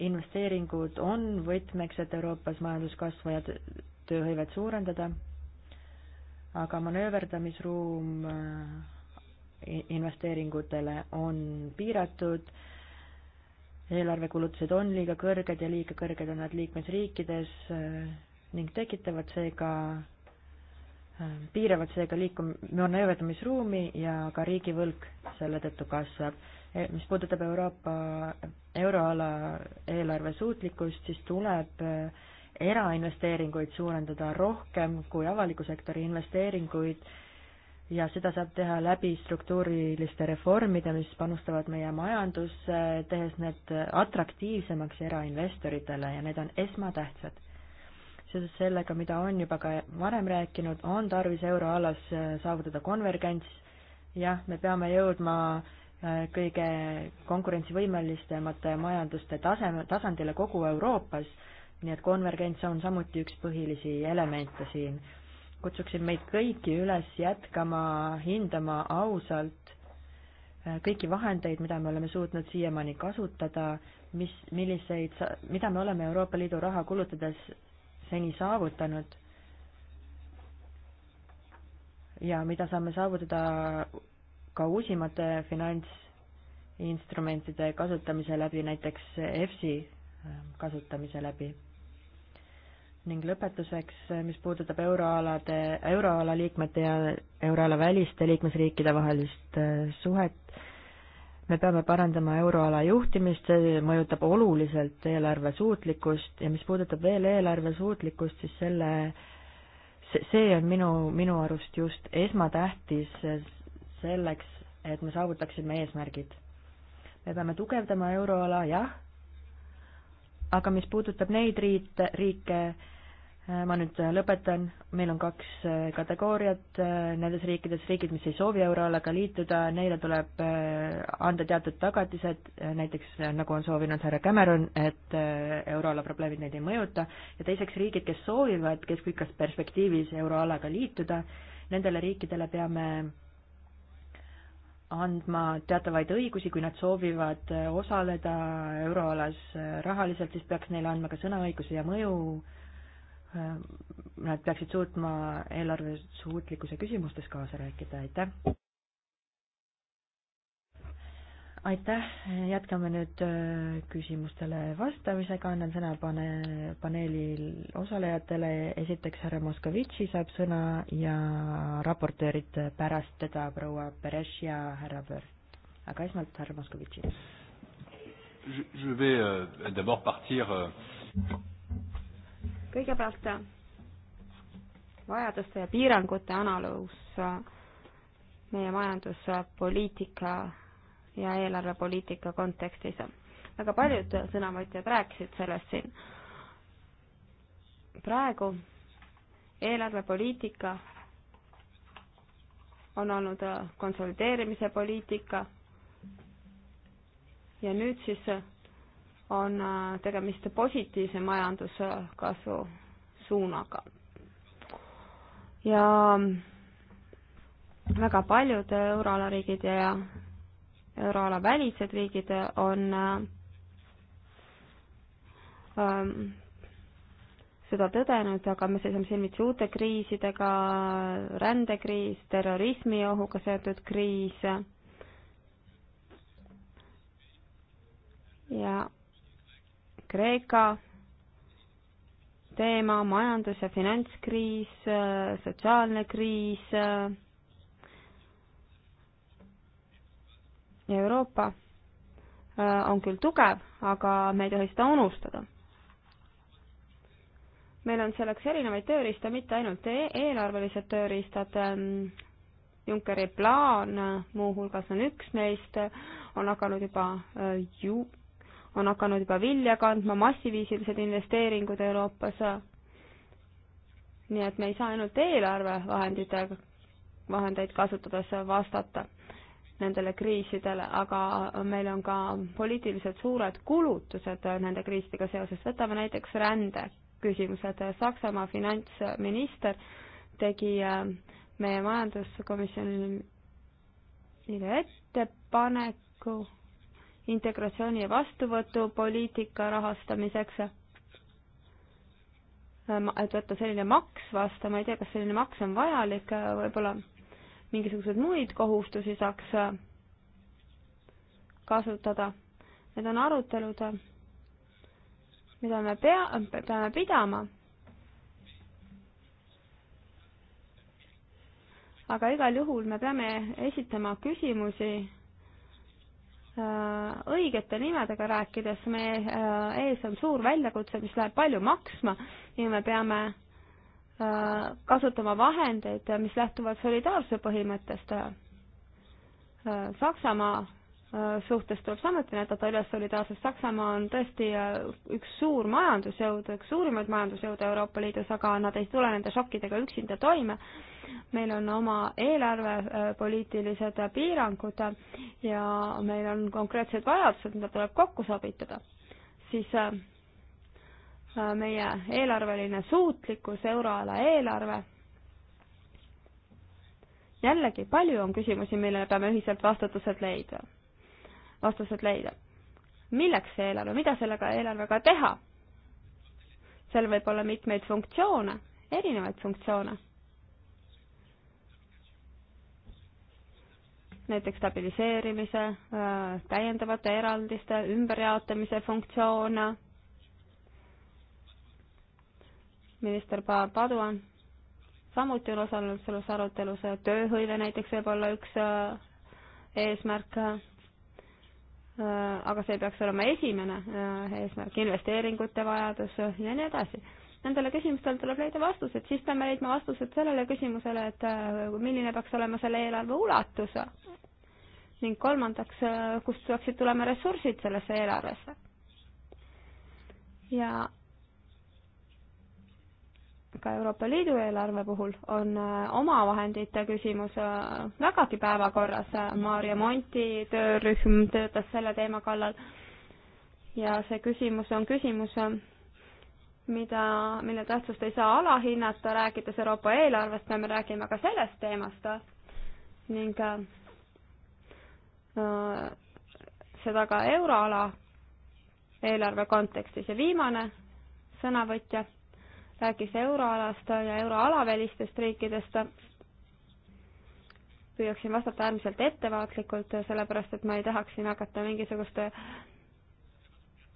investeeringud on võtmeks, et Euroopas majanduskasvu ja tööhõivet suurendada, aga manööverdamisruum äh, investeeringutele on piiratud, eelarvekulutused on liiga kõrged ja liiga kõrged on nad liikmesriikides äh, ning tekitavad seega, äh, piiravad seega liikum-, manööverdamisruumi ja ka riigivõlg selle tõttu kasvab. E, mis puudutab Euroopa euroala eelarve suutlikkust, siis tuleb äh, erainvesteeringuid suurendada rohkem kui avaliku sektori investeeringuid ja seda saab teha läbi struktuuriliste reformide, mis panustavad meie majandusse, tehes need atraktiivsemaks erainvestoritele ja need on esmatähtsad. seoses sellega, mida on juba ka varem rääkinud, on tarvis euroalas äh, saavutada konvergents, jah, me peame jõudma äh, kõige konkurentsivõimelisemate majanduste taseme, tasandile kogu Euroopas, nii et konvergents on samuti üks põhilisi elemente siin kutsuksin meid kõiki üles jätkama, hindama ausalt äh, kõiki vahendeid, mida me oleme suutnud siiamaani kasutada, mis, milliseid, mida me oleme Euroopa Liidu raha kulutades seni saavutanud ja mida saame saavutada ka uusimate finantsinstrumentide kasutamise läbi, näiteks EFSI äh, kasutamise läbi ning lõpetuseks, mis puudutab euroalade, euroala liikmete ja euroala väliste liikmesriikide vahelist äh, suhet, me peame parandama euroala juhtimist, see mõjutab oluliselt eelarve suutlikkust ja mis puudutab veel eelarve suutlikkust, siis selle, see on minu, minu arust just esmatähtis selleks, et me saavutaksime eesmärgid. me peame tugevdama euroala, jah aga mis puudutab neid riit, riike, äh, ma nüüd äh, lõpetan, meil on kaks äh, kategooriat nendes riikides, riigid, mis ei soovi euroalaga liituda, neile tuleb anda teatud tagatised, näiteks nagu on soovinud härra Cameron, et euroala probleemid neid ei mõjuta, ja teiseks riigid, kes soovivad keskpikas perspektiivis euroalaga liituda, nendele riikidele peame andma teatavaid õigusi, kui nad soovivad äh, osaleda euroalas äh, rahaliselt, siis peaks neile andma ka sõnaõiguse ja mõju. Äh, nad peaksid suutma eelarve suutlikkuse küsimustes kaasa rääkida, aitäh! aitäh, jätkame nüüd äh, küsimustele vastamisega, annan sõna pane-, paneelil osalejatele, esiteks härra Moskovitši saab sõna ja raportöörid pärast teda, proua Perez ja härra Pöörd. aga esmalt härra Moskovitši. Euh, euh, kõigepealt äh, vajaduste ja piirangute analüüs äh, meie majanduspoliitika ja eelarvepoliitika kontekstis. väga paljud sõnavõtjad rääkisid sellest siin. praegu eelarvepoliitika on olnud konsolideerimise poliitika ja nüüd siis on tegemist positiivse majanduskasvu suunaga. ja väga paljud euroala riigid ja euroala välised riigid on ähm, seda tõdenud, aga me seisame silmitsi uute kriisidega, rändekriis, terrorismiohuga seotud kriis ja Kreeka teema, majandus- ja finantskriis, sotsiaalne kriis Euroopa äh, on küll tugev, aga me ei tohi seda unustada. meil on selleks erinevaid tööriista, mitte ainult e eelarvelised tööriistad, ähm, Junckeri plaan äh, muuhulgas on üks neist, on hakanud juba äh, ju-, on hakanud juba vilja kandma massiviisilised investeeringud Euroopas, nii et me ei saa ainult eelarvevahenditega, vahendeid kasutades vastata nendele kriisidele, aga meil on ka poliitiliselt suured kulutused nende kriisidega seoses, võtame näiteks rände küsimused, Saksamaa finantsminister tegi äh, meie majanduskomisjonile ettepaneku integratsiooni ja vastuvõtupoliitika rahastamiseks, et võtta selline maks vastu, ma ei tea, kas selline maks on vajalik, võib-olla mingisuguseid muid kohustusi saaks äh, kasutada. Need on arutelud, äh, mida me pea, peame pidama. aga igal juhul me peame esitama küsimusi äh, õigete nimedega rääkides, meie ees on suur väljakutse, mis läheb palju maksma ja me peame Äh, kasutama vahendeid, mis lähtuvad solidaarsuse põhimõttest. Äh, Saksamaa äh, suhtes tuleb samuti näidata üles solidaarsust, Saksamaa on tõesti üks suur majandusjõud, üks suurimaid majandusjõude Euroopa Liidus, aga nad ei tule nende šokkidega üksinda toime. meil on oma eelarvepoliitilised piirangud ja meil on konkreetsed vajadused, mida tuleb kokku sobitada. siis Äh, meie eelarveline suutlikkus, euroala eelarve. jällegi, palju on küsimusi, millele peame ühiselt vastutused leida, vastused leida. milleks see eelarve, mida sellega eelarvega teha? seal võib olla mitmeid funktsioone, erinevaid funktsioone. näiteks stabiliseerimise, äh, täiendavate eraldiste, ümberjaotamise funktsioone minister Paduan samuti on osalenud selles arutelus, tööhõive näiteks võib olla üks äh, eesmärk, äh, aga see peaks olema esimene äh, eesmärk, investeeringute vajadus ja nii edasi. Nendele küsimustele tuleb leida vastused, siis peame leidma vastused sellele küsimusele, et milline peaks olema selle eelarve ulatus ning kolmandaks, kust peaksid tulema ressursid sellesse eelarvesse. ja ka Euroopa Liidu eelarve puhul on äh, omavahendite küsimus äh, vägagi päevakorras. Maarja Monti töörühm töötas selle teema kallal ja see küsimus on küsimus, äh, mida, mille tähtsust ei saa alahinnata, rääkides Euroopa eelarvest, peame rääkima ka sellest teemast ning äh, seda ka euroala eelarve kontekstis ja viimane sõnavõtja rääkis euroalast ja euroala välistest riikidest. püüaksin vastata äärmiselt ettevaatlikult, sellepärast et ma ei tahaks siin hakata mingisugust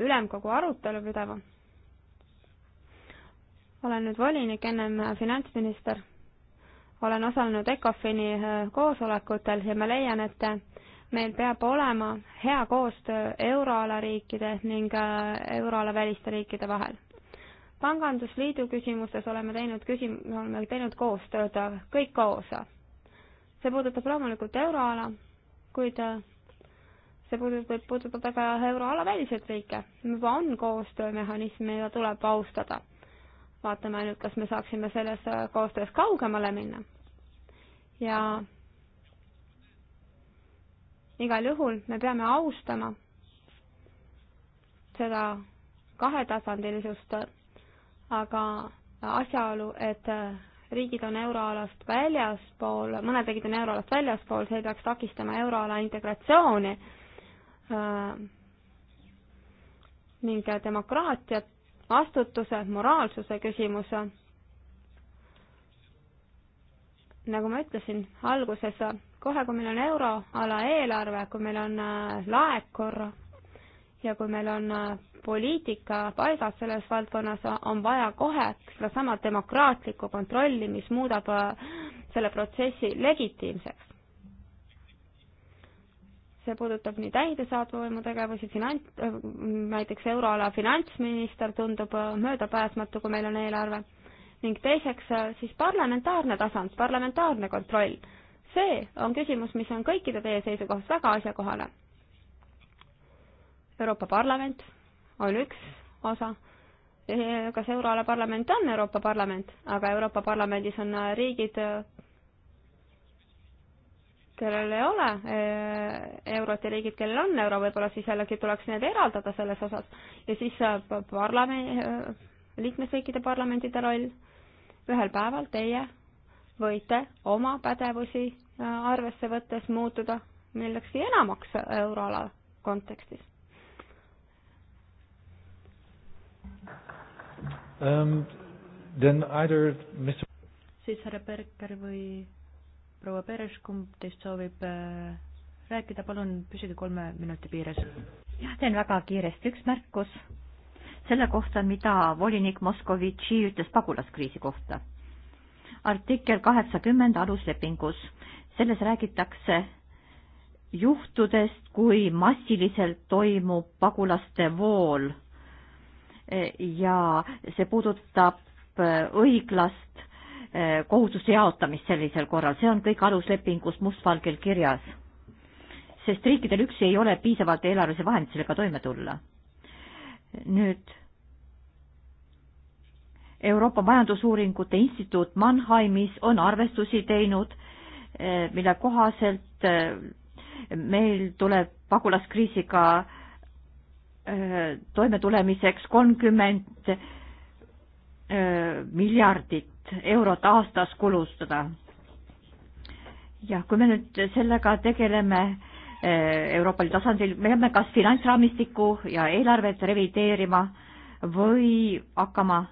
ülemkogu arutelu pidama. olen nüüd volinik, ennem finantsminister. olen osalenud ECOFIN-i äh, koosolekutel ja ma leian, et meil peab olema hea koostöö euroala riikide ning äh, euroala väliste riikide vahel pangandusliidu küsimustes oleme teinud küsim-, oleme teinud koostööd kõik koos. see puudutab loomulikult euroala, kuid see puudutab, võib puudutada ka euroala väliseid riike. juba on koostöömehhanism, mida tuleb austada. vaatame ainult, kas me saaksime selles koostöös kaugemale minna. ja igal juhul me peame austama seda kahetasandilisust aga asjaolu, et äh, riigid on euroalast väljaspool, mõned riigid on euroalast väljaspool, see peaks takistama euroala integratsiooni äh, ning demokraatia, vastutuse, moraalsuse küsimuse. Äh, nagu ma ütlesin alguses, kohe kui meil on euroala eelarve, kui meil on laekur ja kui meil on äh, poliitika paigas selles valdkonnas, on vaja kohe sedasama demokraatlikku kontrolli, mis muudab äh, selle protsessi legitiimseks. see puudutab nii täidesaatva võimu tegevusi, finants, äh, näiteks euroala finantsminister tundub möödapääsmatu, kui meil on eelarve, ning teiseks siis parlamentaarne tasand, parlamentaarne kontroll. see on küsimus, mis on kõikide teie seisukohast väga asjakohane Euroopa Parlament on üks osa, eh, kas euroala parlament on Euroopa Parlament, aga Euroopa Parlamendis on äh, riigid, äh, kellel ei ole äh, eurot ja riigid, kellel on euro, võib-olla siis jällegi tuleks need eraldada selles osas ja siis parlamendi, liikmesriikide parlamendide roll. ühel päeval teie võite oma pädevusi arvesse võttes muutuda millekski enamaks euroala kontekstis. um,. Then either Mr. siis härra Berker või proua Peres, kumb teist soovib äh, rääkida, palun püsige kolme minuti piires. jah, teen väga kiiresti, üks märkus selle kohta, mida volinik Moskovitši ütles pagulaskriisi kohta. artikkel kaheksakümmend aluslepingus, selles räägitakse juhtudest, kui massiliselt toimub pagulaste vool ja see puudutab äh, õiglast äh, kohustuste jaotamist sellisel korral, see on kõik aluslepingus mustvalgel kirjas. sest riikidel üksi ei ole piisavalt eelarvelisi vahendeid sellega toime tulla. nüüd Euroopa Majandusuuringute Instituut Mannheimis on arvestusi teinud, äh, mille kohaselt meil tuleb pagulaskriisiga toimetulemiseks kolmkümmend äh, miljardit eurot aastas kulustada. jah, kui me nüüd sellega tegeleme äh, Euroopa Liidu tasandil, me peame kas finantsraamistikku ja eelarvet revideerima või hakkama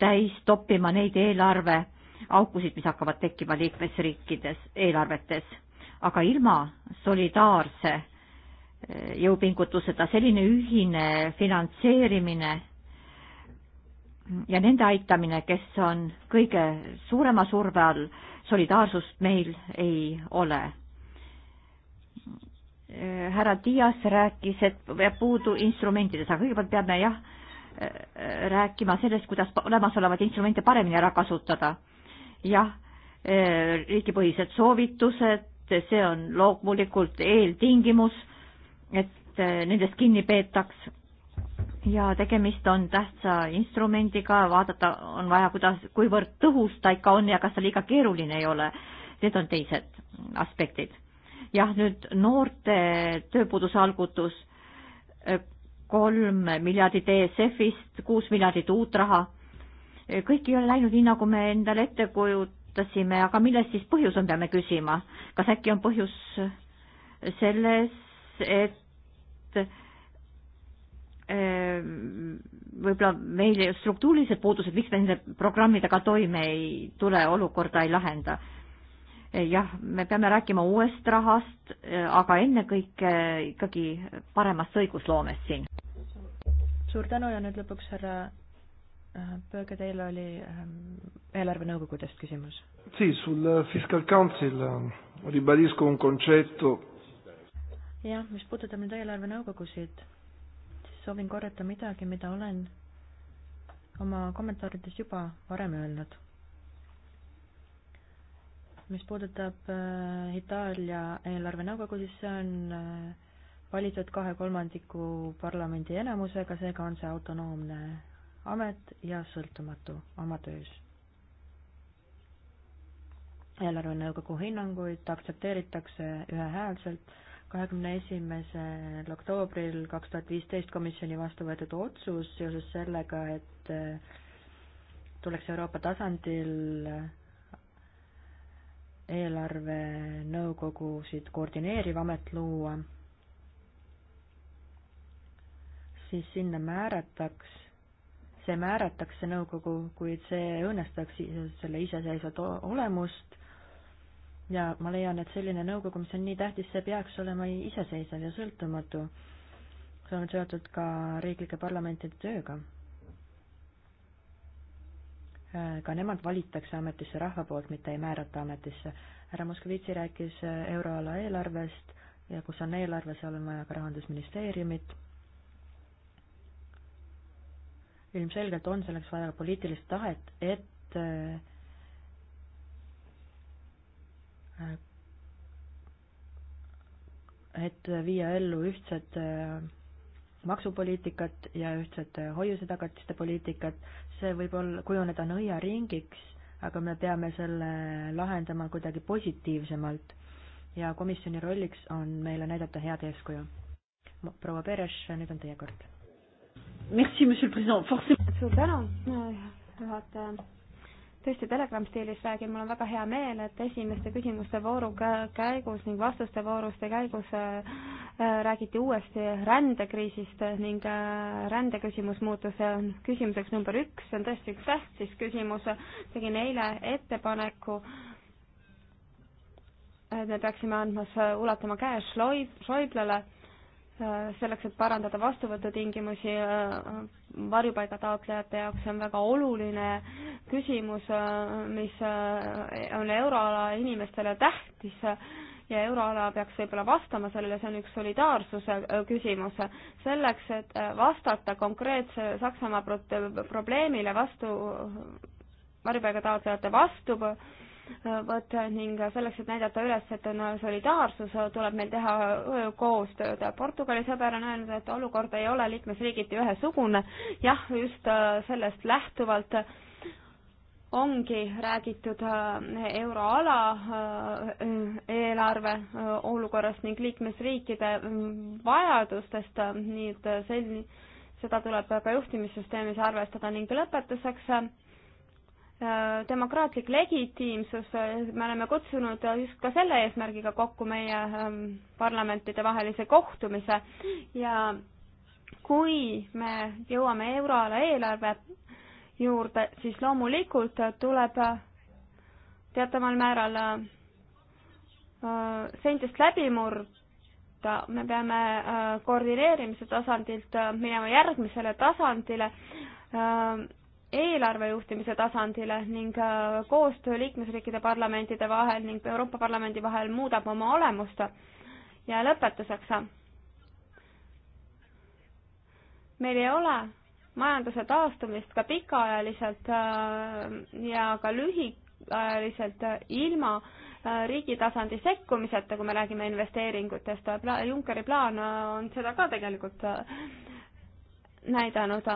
täis toppima neid eelarveaukusid, mis hakkavad tekkima liikmesriikides, eelarvetes. aga ilma solidaarse jõupingutuseta, selline ühine finantseerimine ja nende aitamine, kes on kõige suurema surve all, solidaarsust meil ei ole. härra Dias rääkis, et jääb puudu instrumentides, aga kõigepealt peame jah, rääkima sellest, kuidas olemasolevaid instrumente paremini ära kasutada. jah, riigipõhised soovitused, see on loomulikult eeltingimus et eh, nendest kinni peetaks. ja tegemist on tähtsa instrumendiga, vaadata on vaja, kuidas, kuivõrd tõhus ta ikka on ja kas ta liiga keeruline ei ole. Need on teised aspektid. jah, nüüd noorte tööpuuduse algutus, eh, kolm miljardit ESF-ist, kuus miljardit uut raha. Eh, kõik ei ole läinud nii, nagu me endale ette kujutasime, aga milles siis põhjus on, peame küsima. kas äkki on põhjus selles, et ehm, võib-olla meil struktuurilised puudused, miks me nende programmidega toime ei tule, olukorda ei lahenda. jah, me peame rääkima uuest rahast, aga ennekõike ikkagi paremast õigusloomest siin. suur tänu ja nüüd lõpuks härra äh, Pööge, teil oli ähm, eelarvenõukogudest küsimus. Sì, sul äh, Fiscal Council ähm, ribadisco un concetto jah, mis puudutab nüüd eelarvenõukogusid, siis soovin korrata midagi, mida olen oma kommentaarides juba varem öelnud. mis puudutab äh, Itaalia eelarvenõukogu, siis see on äh, valitud kahe kolmandiku parlamendi enamusega, seega on see autonoomne amet ja sõltumatu oma töös. eelarvenõukogu hinnanguid aktsepteeritakse ühehäälselt kahekümne esimesel oktoobril kaks tuhat viisteist komisjoni vastu võetud otsus seoses sellega, et eh, tuleks Euroopa tasandil eelarvenõukogusid koordineeriv amet luua, siis sinna määrataks, see määratakse nõukogu, kuid see õõnestaks selle iseseisvat olemust ja ma leian, et selline nõukogu, mis on nii tähtis, see peaks olema iseseisev ja sõltumatu. see on seotud ka riiklike parlamentide tööga. ka nemad valitakse ametisse rahva poolt, mitte ei määrata ametisse. härra Moskvitši rääkis euroala eelarvest ja kus on eelarve, seal on vaja ka rahandusministeeriumit. ilmselgelt on selleks vaja poliitilist tahet, et Äh, et viia ellu ühtsed äh, maksupoliitikat ja ühtset äh, hoiusetagatiste poliitikat, see võib olla, kujuneda nõiaringiks, aga me peame selle lahendama kuidagi positiivsemalt ja komisjoni rolliks on meile näidata head eeskuju. proua Peres, nüüd on teie kord. suur tänu, juhataja tõesti Telegram stiilis räägin, mul on väga hea meel, et esimeste küsimuste vooru käigus ning vastuste vooruste käigus äh, äh, räägiti uuesti rändekriisist ning äh, rändeküsimus muutus küsimuseks number üks, see on tõesti üks tähtis küsimus. tegin eile ettepaneku, et me peaksime andma, ulatama käe Šoiblale selleks, et parandada vastuvõtutingimusi varjupaiga taotlejate jaoks, see on väga oluline küsimus, mis on euroala inimestele tähtis ja euroala peaks võib-olla vastama sellele, see on üks solidaarsuse küsimus. selleks, et vastata konkreetse Saksamaa probleemile vastu, varjupaiga taotlejate vastu, võt- ning selleks, et näidata üles, et on solidaarsus, tuleb meil teha koostööd. Portugali sõber on öelnud, et olukord ei ole liikmesriigiti ühesugune. jah, just äh, sellest lähtuvalt ongi räägitud äh, euroala äh, eelarve olukorrast ning liikmesriikide mm, vajadustest, nii et sel-, seda tuleb ka juhtimissüsteemis arvestada ning lõpetuseks Äh, demokraatlik legitiimsus, äh, me oleme kutsunud just ka selle eesmärgiga kokku meie ähm, parlamentidevahelise kohtumise ja kui me jõuame euroala eelarve juurde, siis loomulikult tuleb teataval määral äh, sendist läbi murda, me peame koordineerimise tasandilt minema järgmisele tasandile eelarvejuhtimise tasandile ning äh, koostöö liikmesriikide parlamentide vahel ning Euroopa Parlamendi vahel muudab oma olemust. ja lõpetuseks. meil ei ole majanduse taastumist ka pikaajaliselt äh, ja ka lühiajaliselt ilma äh, riigi tasandi sekkumiseta, kui me räägime investeeringutest. Junckeri plaan on seda ka tegelikult näidanud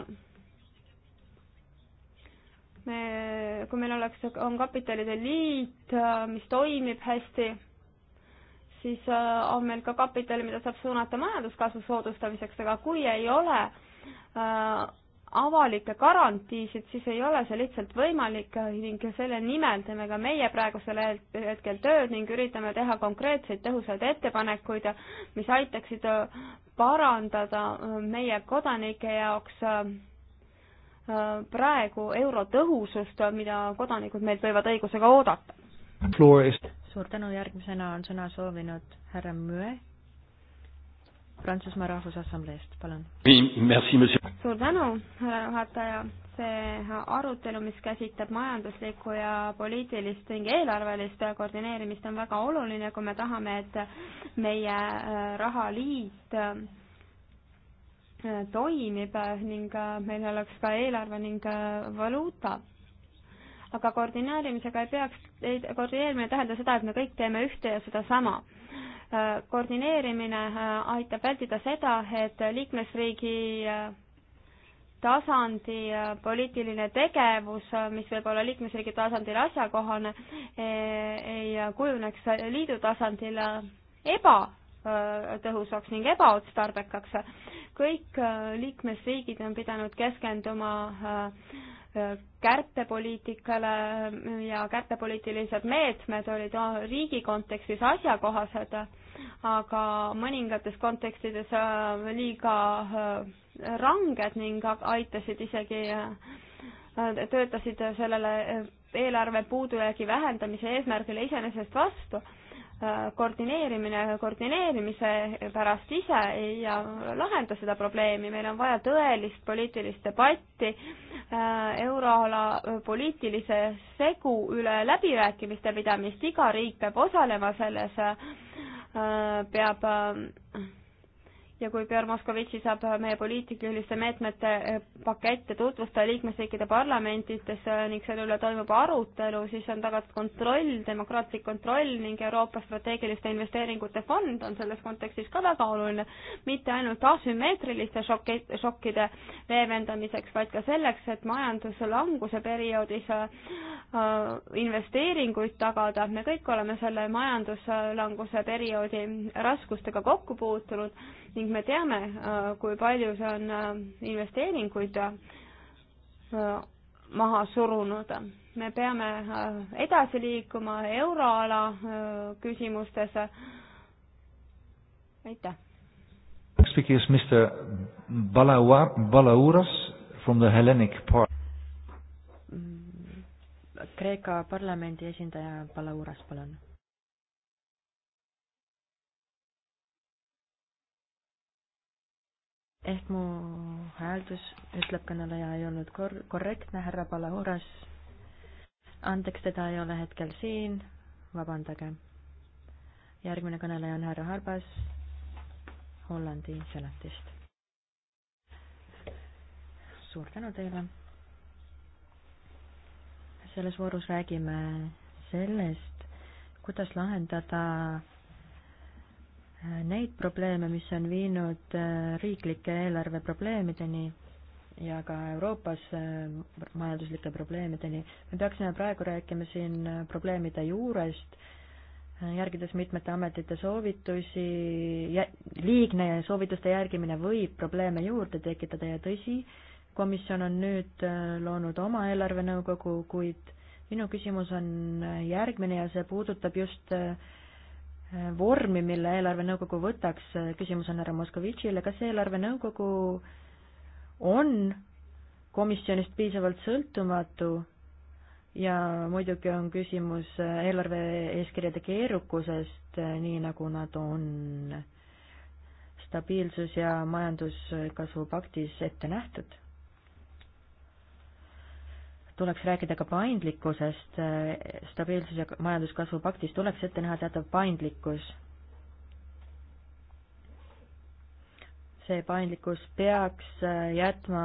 me, kui meil oleks, on kapitalide liit, mis toimib hästi, siis äh, on meil ka kapitali, mida saab suunata majanduskasvu soodustamiseks, aga kui ei ole äh, avalikke garantiisid, siis ei ole see lihtsalt võimalik ning selle nimel teeme ka meie praegusel hetkel tööd ning üritame teha konkreetseid tõhusaid ettepanekuid, mis aitaksid äh, parandada meie kodanike jaoks praegu euro tõhusust, mida kodanikud meilt võivad õigusega oodata. suur tänu, järgmisena on sõna soovinud härra Müe Prantsusmaa Rahvusassambleest, palun. suur tänu, härra juhataja. see arutelu, mis käsitleb majanduslikku ja poliitilist ning eelarvelist koordineerimist, on väga oluline, kui me tahame, et meie äh, rahaliit äh, toimib ning äh, meil oleks ka eelarve ning äh, valuuta. aga koordineerimisega ei peaks, ei, koordineerimine ei tähenda seda, et me kõik teeme ühte ja sedasama. Äh, koordineerimine aitab vältida seda, et liikmesriigi tasandi poliitiline tegevus, mis võib olla liikmesriigi tasandil asjakohane, ei kujuneks liidu tasandil eba Äh, tõhusaks ning ebaotstarbekaks. kõik äh, liikmesriigid on pidanud keskenduma äh, kärpepoliitikale ja kärpepoliitilised meetmed olid riigi kontekstis asjakohased, aga mõningates kontekstides liiga ranged ning aitasid isegi, töötasid sellele eelarve puudujäägi vähendamise eesmärgile iseenesest vastu koordineerimine koordineerimise pärast ise ei lahenda seda probleemi, meil on vaja tõelist poliitilist debatti äh, euroala poliitilise segu üle läbirääkimiste pidamist, iga riik peab osalema selles, äh, peab äh, ja kui Björn Moskovitši saab meie poliitiliste meetmete eh, pakette tutvustada liikmesriikide parlamentides eh, ning selle üle toimub arutelu, siis on tagatud kontroll, demokraatlik kontroll ning Euroopa strateegiliste investeeringute fond on selles kontekstis ka väga oluline, mitte ainult asümmeetriliste šoki, šokkide leevendamiseks, vaid ka selleks, et majanduslanguse perioodis eh, investeeringuid tagada, me kõik oleme selle majanduslanguse perioodi raskustega kokku puutunud ning ning me teame, äh, kui palju see on äh, investeeringuid äh, maha surunud. me peame edasi liikuma euroala küsimustes. aitäh. Next speaker is Mr Balaua, Balauras from the Hellenic part. Kreeka parlamendi esindaja Balauras, palun ehk mu hääldus, ütleb kõneleja, ei olnud kor-, korrektne, härra Palahuras. andeks, teda ei ole hetkel siin, vabandage. järgmine kõneleja on härra Harbas Hollandi senatist. suur tänu teile. selles voorus räägime sellest, kuidas lahendada Äh, neid probleeme, mis on viinud äh, riiklike eelarveprobleemideni ja ka Euroopas äh, majanduslike probleemideni. me peaksime praegu rääkima siin probleemide juurest, järgides mitmete ametite soovitusi, liigne soovituste järgimine võib probleeme juurde tekitada ja tõsi, komisjon on nüüd loonud oma eelarvenõukogu, kuid minu küsimus on järgmine ja see puudutab just äh, vormi, mille eelarvenõukogu võtaks, küsimus on härra Moskovitšile, kas eelarvenõukogu on komisjonist piisavalt sõltumatu ja muidugi on küsimus eelarve eeskirjade keerukusest, nii nagu nad on stabiilsus- ja majanduskasvu paktis ette nähtud tuleks rääkida ka paindlikkusest, eh, stabiilsus- ja majanduskasvu paktis tuleks ette näha teatav paindlikkus. see paindlikkus peaks eh, jätma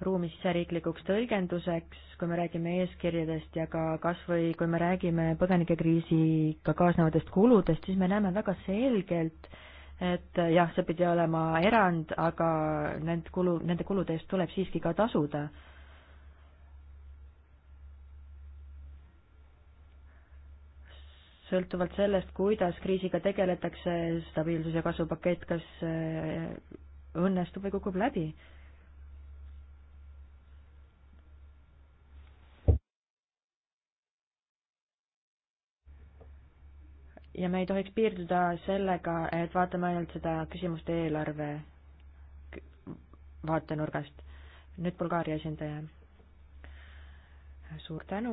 ruumi siseriiklikuks tõlgenduseks, kui me räägime eeskirjadest ja ka kas või kui me räägime põgenikekriisiga kaasnevatest kuludest, siis me näeme väga selgelt, et eh, jah, see pidi olema erand, aga need kulu, nende kulude eest tuleb siiski ka tasuda sõltuvalt sellest, kuidas kriisiga tegeletakse, stabiilsus- ja kasvupakett kas äh, õnnestub või kukub läbi. ja me ei tohiks piirduda sellega, et vaatame ainult seda küsimust eelarve vaatenurgast. nüüd Bulgaaria esindaja. suur tänu,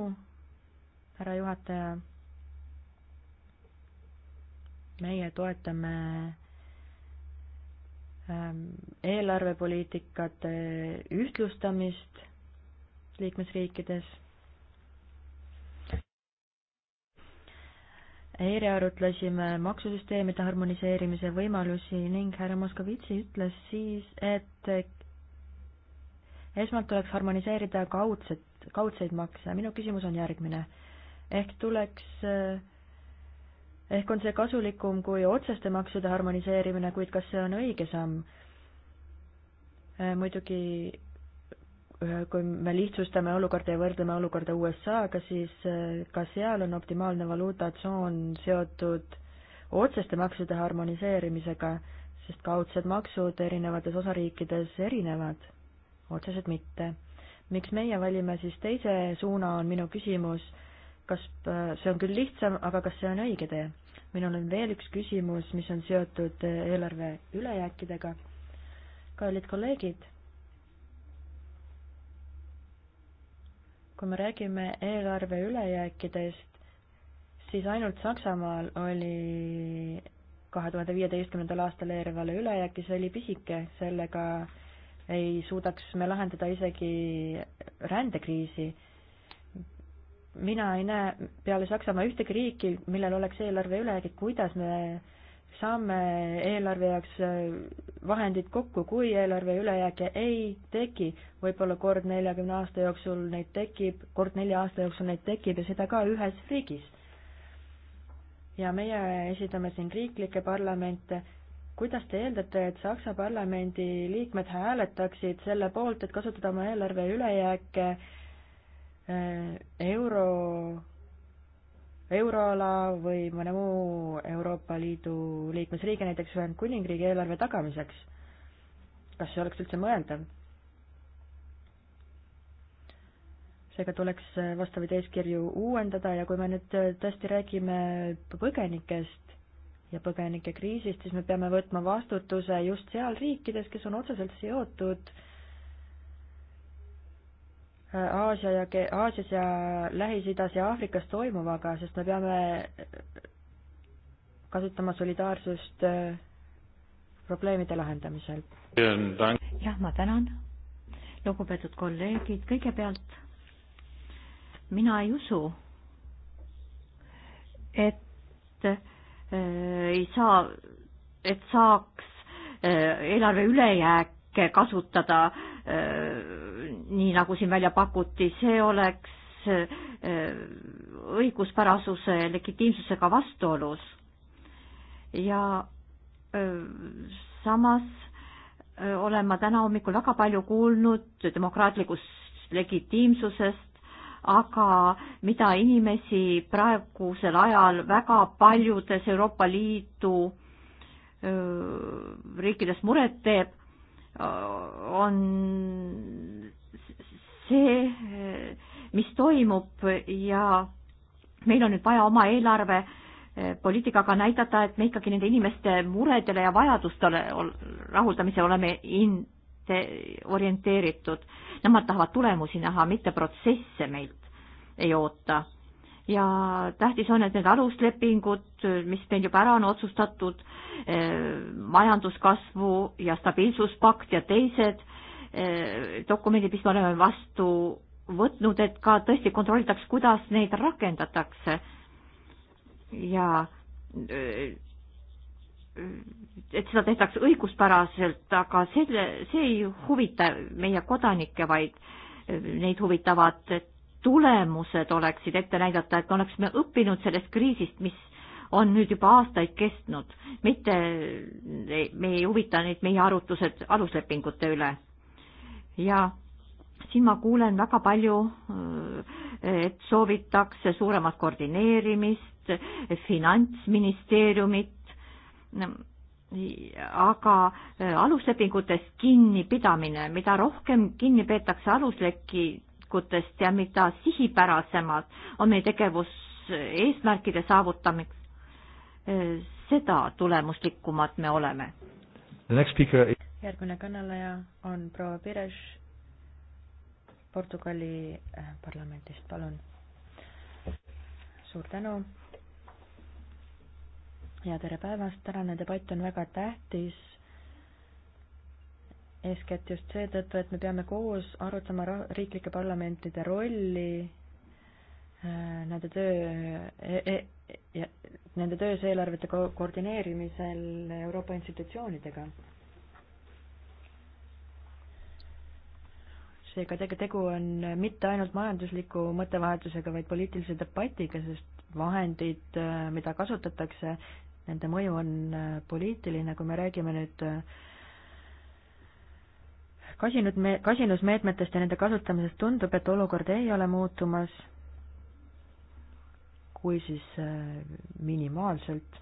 härra juhataja meie toetame ähm, eelarvepoliitikate äh, ühtlustamist liikmesriikides. eile arutlesime maksusüsteemide harmoniseerimise võimalusi ning härra Moskovitši ütles siis, et esmalt tuleks harmoniseerida kaudset, kaudseid makse. minu küsimus on järgmine. ehk tuleks äh, ehk on see kasulikum kui otseste maksude harmoniseerimine, kuid kas see on õige samm? Äh, muidugi äh, kui me lihtsustame olukorda ja võrdleme olukorda USA-ga, siis äh, ka seal on optimaalne valuutatsoon seotud otseste maksude harmoniseerimisega, sest kaudsed maksud erinevates osariikides erinevad, otsesed mitte. miks meie valime siis teise suuna, on minu küsimus kas äh, see on küll lihtsam, aga kas see on õige tee? minul on veel üks küsimus, mis on seotud äh, eelarve ülejääkidega. kallid kolleegid, kui me räägime eelarve ülejääkidest, siis ainult Saksamaal oli kahe tuhande viieteistkümnendal aastal eelarvele ülejääk ja see oli pisike, sellega ei suudaks me lahendada isegi rändekriisi mina ei näe peale Saksamaa ühtegi riiki, millel oleks eelarve ülejäägid, kuidas me saame eelarve jaoks äh, vahendid kokku, kui eelarve ülejääke ei teki, võib-olla kord neljakümne aasta jooksul neid tekib, kord nelja aasta jooksul neid tekib ja seda ka ühes riigis. ja meie esindame siin riiklikke parlamente, kuidas te eeldate, et Saksa parlamendi liikmed hääletaksid selle poolt, et kasutada oma eelarve ülejääke äh, Äh, euro, euroala või mõne muu Euroopa Liidu liikmesriigi, näiteks Ühendkuningriigi eelarve tagamiseks. kas see oleks üldse mõeldav? seega tuleks äh, vastavaid eeskirju uuendada ja kui me nüüd äh, tõesti räägime põgenikest ja põgenikekriisist, siis me peame võtma vastutuse just seal riikides, kes on otseselt seotud äh, Aasia ja, Aasias ja Lähis-Idas ja Aafrikas toimuvaga, sest me peame äh, kasutama solidaarsust äh, probleemide lahendamisel. jah, ma tänan, lugupeetud kolleegid, kõigepealt mina ei usu, et äh, ei saa, et saaks äh, eelarve ülejääke kasutada äh, nii nagu siin välja pakuti, see oleks äh, õiguspärasuse legitiimsusega vastuolus. ja äh, samas äh, olen ma täna hommikul väga palju kuulnud demokraatlikust legitiimsusest, aga mida inimesi praegusel ajal väga paljudes Euroopa Liidu riikides muret teeb, on see, mis toimub ja meil on nüüd vaja oma eelarve eh, poliitikaga näidata, et me ikkagi nende inimeste muredele ja vajadustele rahuldamise oleme in-, orienteeritud. Nemad tahavad tulemusi näha, mitte protsesse meilt ei oota ja tähtis on, et need aluslepingud, mis meil juba ära on otsustatud eh,, majanduskasvu ja stabiilsuspakt ja teised Eh, dokumendid, mis me oleme vastu võtnud, et ka tõesti kontrollitaks, kuidas neid rakendatakse. ja eh, et seda tehtaks õiguspäraselt, aga selle, see ei huvita meie kodanikke, vaid eh, neid huvitavad tulemused oleksid ette näidata, et me oleksime õppinud sellest kriisist, mis on nüüd juba aastaid kestnud, mitte me ei huvita neid meie arutlused aluslepingute üle ja siin ma kuulen väga palju, äh, et soovitakse suuremat koordineerimist, finantsministeeriumit, aga äh, aluslepingutest kinnipidamine, mida rohkem kinni peetakse aluslepingutest ja mida sihipärasemad on meie tegevus eesmärkide saavutamiseks, äh, seda tulemuslikumad me oleme. Is järgmine kõneleja on proua Pires Portugali äh, parlamendist, palun. suur tänu ja tere päevast, tänane debatt on väga tähtis. eeskätt just seetõttu, et me peame koos arutama riiklike parlamentide rolli, äh, nende töö e, e, ja nende töös eelarvete ko koordineerimisel Euroopa institutsioonidega seega tege-, tegu on mitte ainult majandusliku mõttevahetusega, vaid poliitilise debatiga, sest vahendid, mida kasutatakse, nende mõju on äh, poliitiline, kui me räägime nüüd äh, kasinud me-, kasinusmeetmetest ja nende kasutamisest, tundub, et olukord ei ole muutumas, kui siis äh, minimaalselt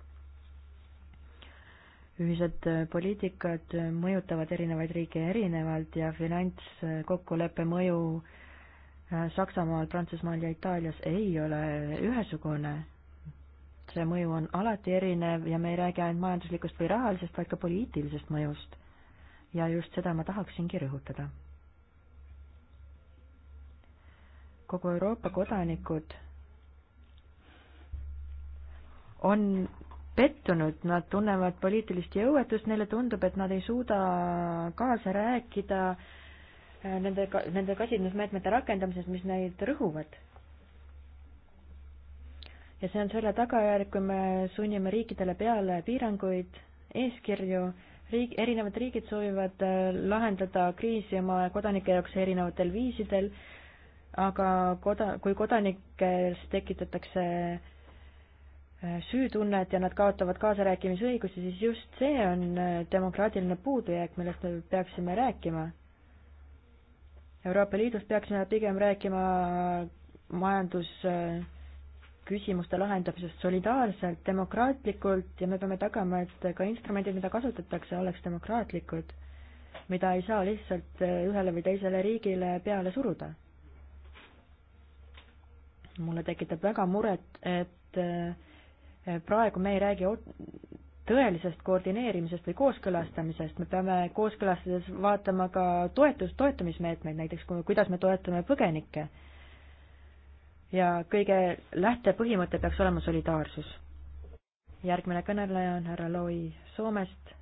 ühised äh, poliitikad äh, mõjutavad erinevaid riike erinevalt ja finantskokkuleppe mõju äh, Saksamaal, Prantsusmaal ja Itaalias ei ole ühesugune. see mõju on alati erinev ja me ei räägi ainult majanduslikust või rahalisest, vaid ka poliitilisest mõjust. ja just seda ma tahaksingi rõhutada. kogu Euroopa kodanikud on pettunud, nad tunnevad poliitilist jõuetust, neile tundub, et nad ei suuda kaasa rääkida äh, nende, nende kasinusmeetmete rakendamises, mis neid rõhuvad. ja see on selle tagajärg, kui me sunnime riikidele peale piiranguid, eeskirju, riik, erinevad riigid soovivad äh, lahendada kriisi oma kodanike jaoks erinevatel viisidel, aga koda-, kui kodanikes tekitatakse Äh, süütunnet ja nad kaotavad kaasarääkimisõigusi, siis just see on äh, demokraatiline puudujääk, millest me peaksime rääkima. Euroopa Liidus peaksime pigem rääkima äh, majandusküsimuste lahendamisest solidaarselt, demokraatlikult ja me peame tagama, et ka instrumendid, mida kasutatakse, oleks demokraatlikud, mida ei saa lihtsalt ühele või teisele riigile peale suruda. mulle tekitab väga muret, et äh, praegu me ei räägi tõelisest koordineerimisest või kooskõlastamisest, me peame kooskõlastades vaatama ka toetus, toetamismeetmeid, näiteks kuidas me toetame põgenikke. ja kõige lähtepõhimõte peaks olema solidaarsus. järgmine kõneleja on härra Loi Soomest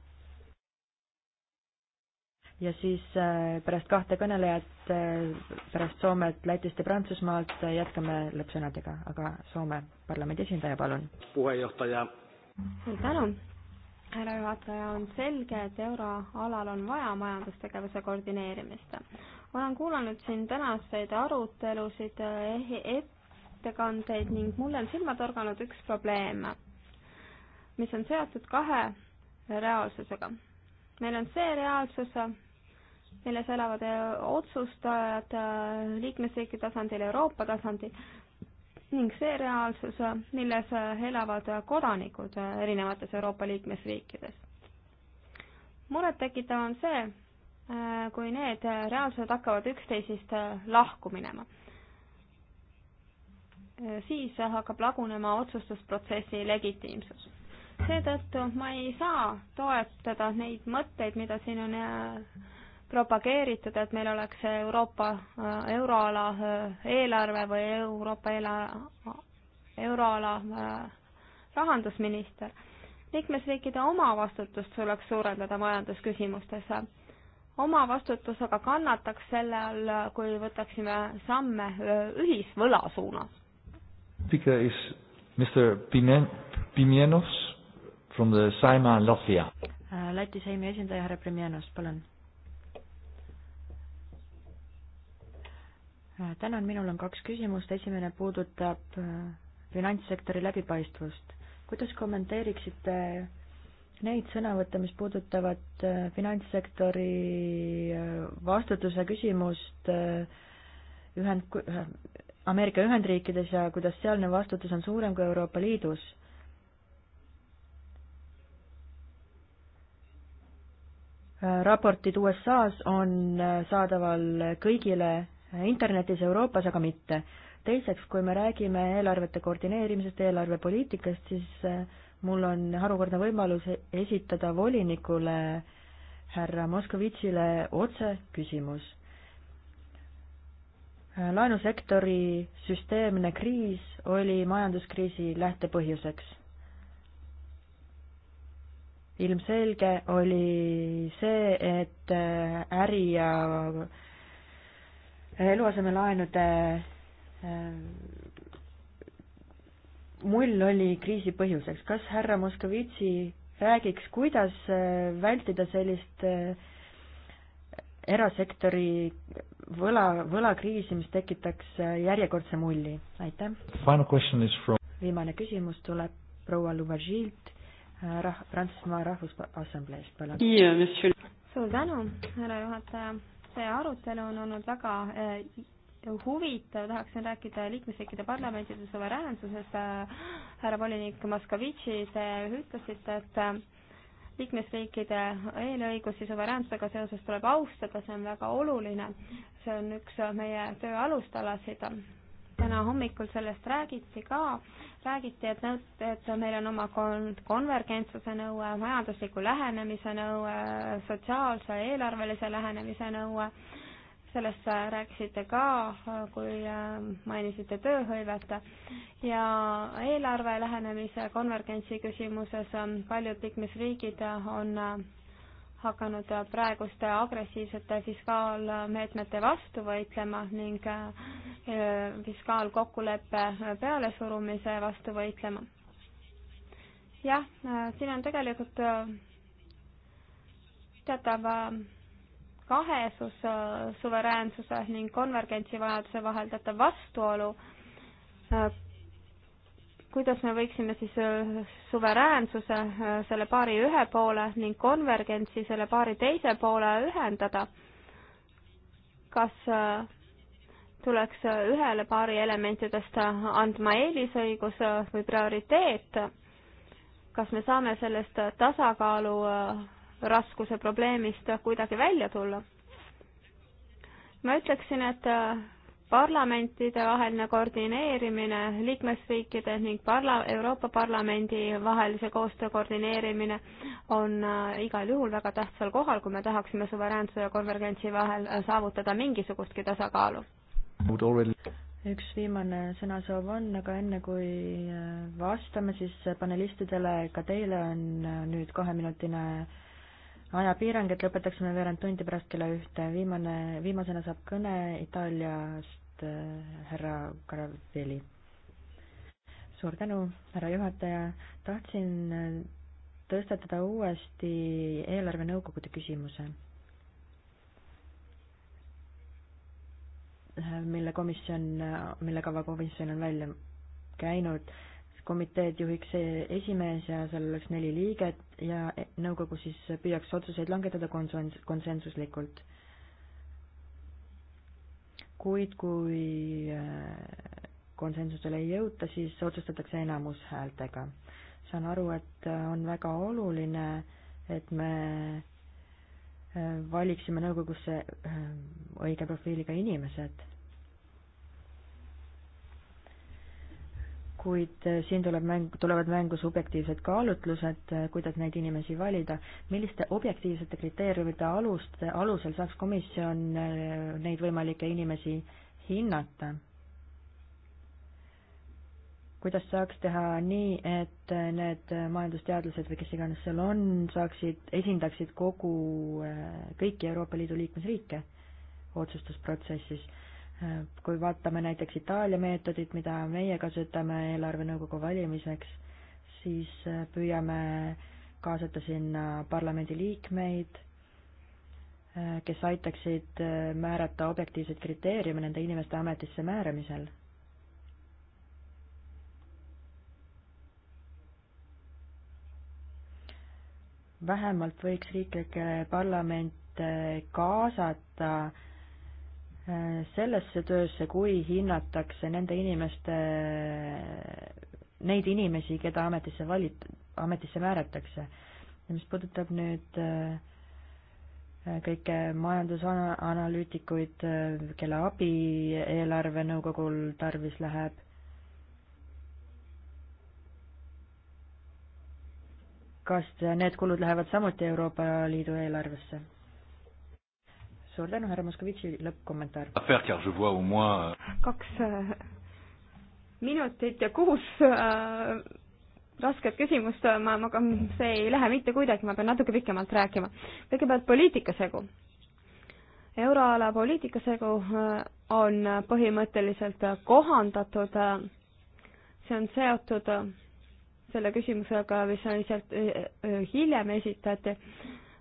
ja siis äh, pärast kahte kõnelejat, äh, pärast Soomet, Lätist ja Prantsusmaalt äh, jätkame lõppsõnadega, aga Soome parlamendi esindaja, palun. puhejuhataja. suur tänu, härra juhataja, on selge, et euroalal on vaja majandustegevuse koordineerimist. olen kuulanud siin tänaseid arutelusid, eh, ettekandeid ning mulle on silma torganud üks probleem, mis on seotud kahe reaalsusega. meil on see reaalsus, milles elavad äh, otsustajad äh, liikmesriigi tasandil, Euroopa tasandil ning see reaalsus, äh, milles elavad kodanikud erinevates Euroopa liikmesriikides. murettekitav on see, kui need reaalsused hakkavad üksteisist lahku minema. siis hakkab lagunema otsustusprotsessi legitiimsus. seetõttu ma ei saa toetada neid mõtteid, mida siin on propageeritud, et meil oleks Euroopa äh, euroala äh, eelarve või Euroopa eela-, euroala äh, rahandusminister. liikmesriikide omavastutust tuleks suurendada majandusküsimustes. oma vastutus aga kannataks selle all, kui võtaksime samme ühisvõla suunas. Speaker is Mr Pimen-, Pimenos from the Saima Latvia. Läti seimi esindaja härra Pimenos, palun Äh, tänan, minul on kaks küsimust, esimene puudutab äh, finantssektori läbipaistvust. kuidas kommenteeriksite neid sõnavõtte, mis puudutavad äh, finantssektori vastutuse küsimust ühend-, Ameerika Ühendriikides ja kuidas sealne vastutus on suurem kui Euroopa Liidus? raportid USA-s on saadaval kõigile internetis Euroopas aga mitte. teiseks, kui me räägime eelarvete koordineerimisest, eelarvepoliitikast, siis äh, mul on harukordne võimalus e-, esitada volinikule härra Moskovitšile otse küsimus. Äh, laenusektori süsteemne kriis oli majanduskriisi lähtepõhjuseks. ilmselge oli see, et äh, äri ja eluasemelaenude äh, mull oli kriisi põhjuseks. kas härra Moskovitši räägiks, kuidas äh, vältida sellist äh, erasektori võla, võlakriisi, mis tekitaks järjekordse mulli? aitäh. From... viimane küsimus tuleb proua Louvagilt rah-, Prantsusmaa Rahvusassambleest, palun. suur tänu, härra juhataja see arutelu on olnud väga eh, huvitav, tahaksin rääkida liikmesriikide parlamentide suveräänsusest. Eh, härra volinik Moskovitši, te ütlesite, et eh, liikmesriikide eelõigusi suveräänsusega seoses tuleb austada, see on väga oluline. see on üks meie töö alustalasid täna hommikul sellest räägiti ka, räägiti, et nõud, et meil on oma kon-, konvergentsuse nõue, majandusliku lähenemise nõue, sotsiaalse eelarvelise lähenemise nõue, sellest rääkisite ka, kui äh, mainisite tööhõivet ja eelarve lähenemise konvergentsi küsimuses äh, paljud liikmesriigid on äh, hakanud praeguste agressiivsete fiskaalmeetmete vastu võitlema ning äh, fiskaalkokkuleppe pealesurumise vastu võitlema. jah, äh, siin on tegelikult äh, teatav kahesus suveräänsuse ning konvergentsi vajaduse vahel teatav vastuolu kuidas me võiksime siis äh, suveräänsuse äh, selle paari ühe poole ning konvergentsi selle paari teise poole ühendada? kas äh, tuleks ühele paari elementidest andma eelisõigus või prioriteet? kas me saame sellest tasakaalu raskuse probleemist kuidagi välja tulla? ma ütleksin, et parlamentide vaheline koordineerimine, liikmesriikide ning parla-, Euroopa Parlamendi vahelise koostöö koordineerimine on äh, igal juhul väga tähtsal kohal, kui me tahaksime suveräänsuse ja konvergentsi vahel äh, saavutada mingisugustki tasakaalu. üks viimane sõnasoov on, aga enne kui äh, vastame, siis panelistidele, ka teile on nüüd kaheminutine ajapiirang, et lõpetaksime veerand tundi pärast kella ühte. viimane, viimasena saab kõne Itaaliast äh, härra Caravelli. suur tänu, härra juhataja. tahtsin äh, tõstatada uuesti eelarvenõukogude küsimuse äh, mille komisjon, mille kava komisjon on välja käinud komiteed juhiks esimees ja seal oleks neli liiget ja nõukogu siis püüaks otsuseid langetada konsens-, konsensuslikult. kuid kui äh, konsensusele ei jõuta, siis otsustatakse enamushäältega. saan aru, et äh, on väga oluline, et me äh, valiksime nõukogusse õige profiiliga inimesed kuid eh, siin tuleb mäng, tulevad mängu subjektiivsed kaalutlused, eh, kuidas neid inimesi valida. milliste objektiivsete kriteeriumite alust, alusel saaks komisjon eh, neid võimalikke inimesi hinnata? kuidas saaks teha nii, et need majandusteadlased või kes iganes seal on, saaksid, esindaksid kogu, kõiki Euroopa Liidu liikmesriike otsustusprotsessis kui vaatame näiteks Itaalia meetodit, mida meie kasutame eelarvenõukogu valimiseks, siis äh, püüame kaasata sinna parlamendiliikmeid, äh, kes aitaksid äh, määrata objektiivseid kriteeriume nende inimeste ametisse määramisel vähemalt võiks riiklikke parlamente kaasata sellesse töösse, kui hinnatakse nende inimeste, neid inimesi, keda ametisse valit-, ametisse määratakse. ja mis puudutab nüüd äh, kõike majandusanalüütikuid, äh, kelle abi eelarvenõukogul tarvis läheb kas need kulud lähevad samuti Euroopa Liidu eelarvesse? suur tänu, härra Moskovitši, lõppkommentaar. Euh, kaks äh, minutit ja kuus äh, rasket küsimust, ma, ma, see ei lähe mitte kuidagi, ma pean natuke pikemalt rääkima. kõigepealt poliitikasegu. euroala poliitikasegu äh, on põhimõtteliselt kohandatud, äh, see on seotud selle küsimusega, mis on sealt hiljem esitati.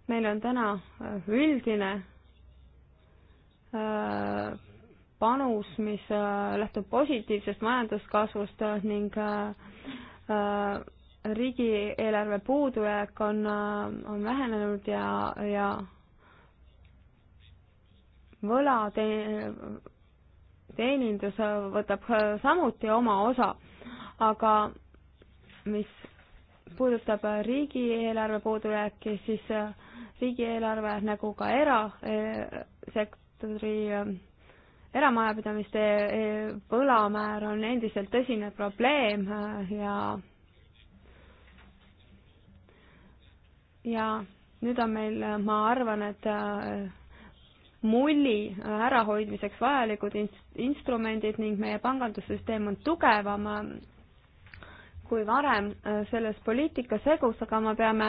meil on täna üldine Äh, panus, mis äh, lähtub positiivsest majanduskasvust äh, ning riigieelarve puudujääk on, on vähenenud ja, ja võla te-, teenindus võtab samuti oma osa, aga mis puudutab riigieelarve puudujääki, siis riigieelarve nagu ka erasektor e-, sektori ähm, eramajapidamiste äh, võlamäär on endiselt tõsine probleem äh, ja ja nüüd on meil, äh, ma arvan, et mulli ärahoidmiseks vajalikud instrumendid ning meie pangandussüsteem on tugevam kui varem selles poliitikasegus, aga me peame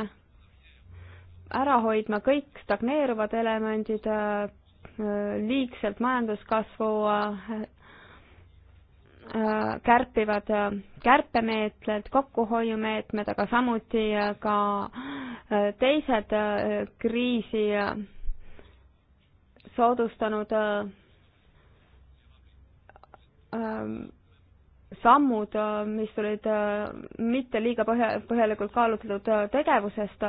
ära hoidma kõik stagneeruvad elemendid, liigselt majanduskasvu äh, kärpivad äh, kärpemeetmed, kokkuhoiumeetmed, aga samuti äh, ka teised kriisi soodustanud ähm, sammud, mis tulid mitte liiga põhja, põhjalikult kaalutletud tegevusest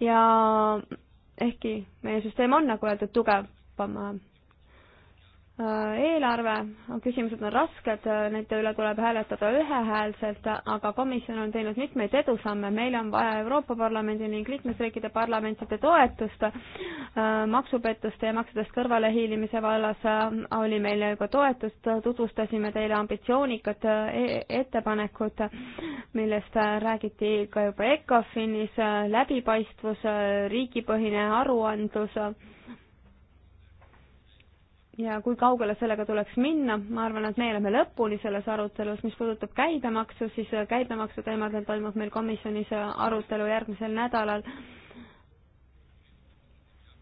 ja ehkki meie süsteem on, nagu öeldud, tugev, toppama. Äh, eelarve, küsimused on rasked, äh, nende üle tuleb hääletada ühehäälselt, aga komisjon on teinud mitmeid edusamme, meil on vaja Euroopa Parlamendi ning liikmesriikide parlamentide toetust äh, maksupettuste ja maksudest kõrvalehiilimise vallas oli meil juba toetust, tutvustasime teile ambitsioonikat e-, ettepanekut, millest räägiti ka juba ECOFINis, läbipaistvus, riigipõhine aruandlus ja kui kaugele sellega tuleks minna, ma arvan, et me oleme lõpuni selles arutelus, mis puudutab käibemaksu, siis käibemaksu teemadel toimub meil komisjonis arutelu järgmisel nädalal,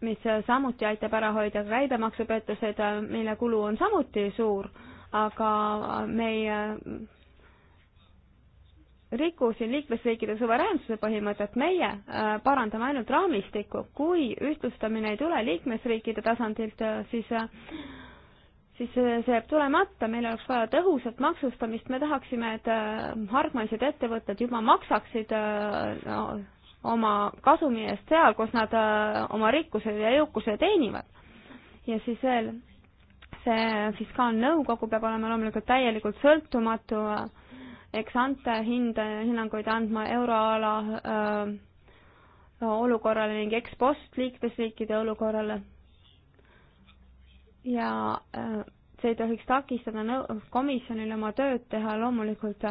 mis samuti aitab ära hoida käibemaksupettused, mille kulu on samuti suur, aga me ei riku siin liikmesriikide suveräänsuse põhimõtet, meie äh, parandame ainult raamistikku, kui ühtlustamine ei tule liikmesriikide tasandilt, äh, siis äh, siis see jääb tulemata, meil oleks vaja tõhusat maksustamist, me tahaksime, et hargmaised ettevõtted juba maksaksid no, oma kasumi eest seal, kus nad oma rikkuse ja jõukuse teenivad. ja siis veel, see fiskaalnõukogu peab olema loomulikult täielikult sõltumatu äh, eksante hinde, hinnanguid andma euroala öö, äh, olukorrale ning ekspost liikmesriikide olukorrale. ja öö, äh, see ei tohiks takistada nõu-, komisjonil oma tööd teha loomulikult.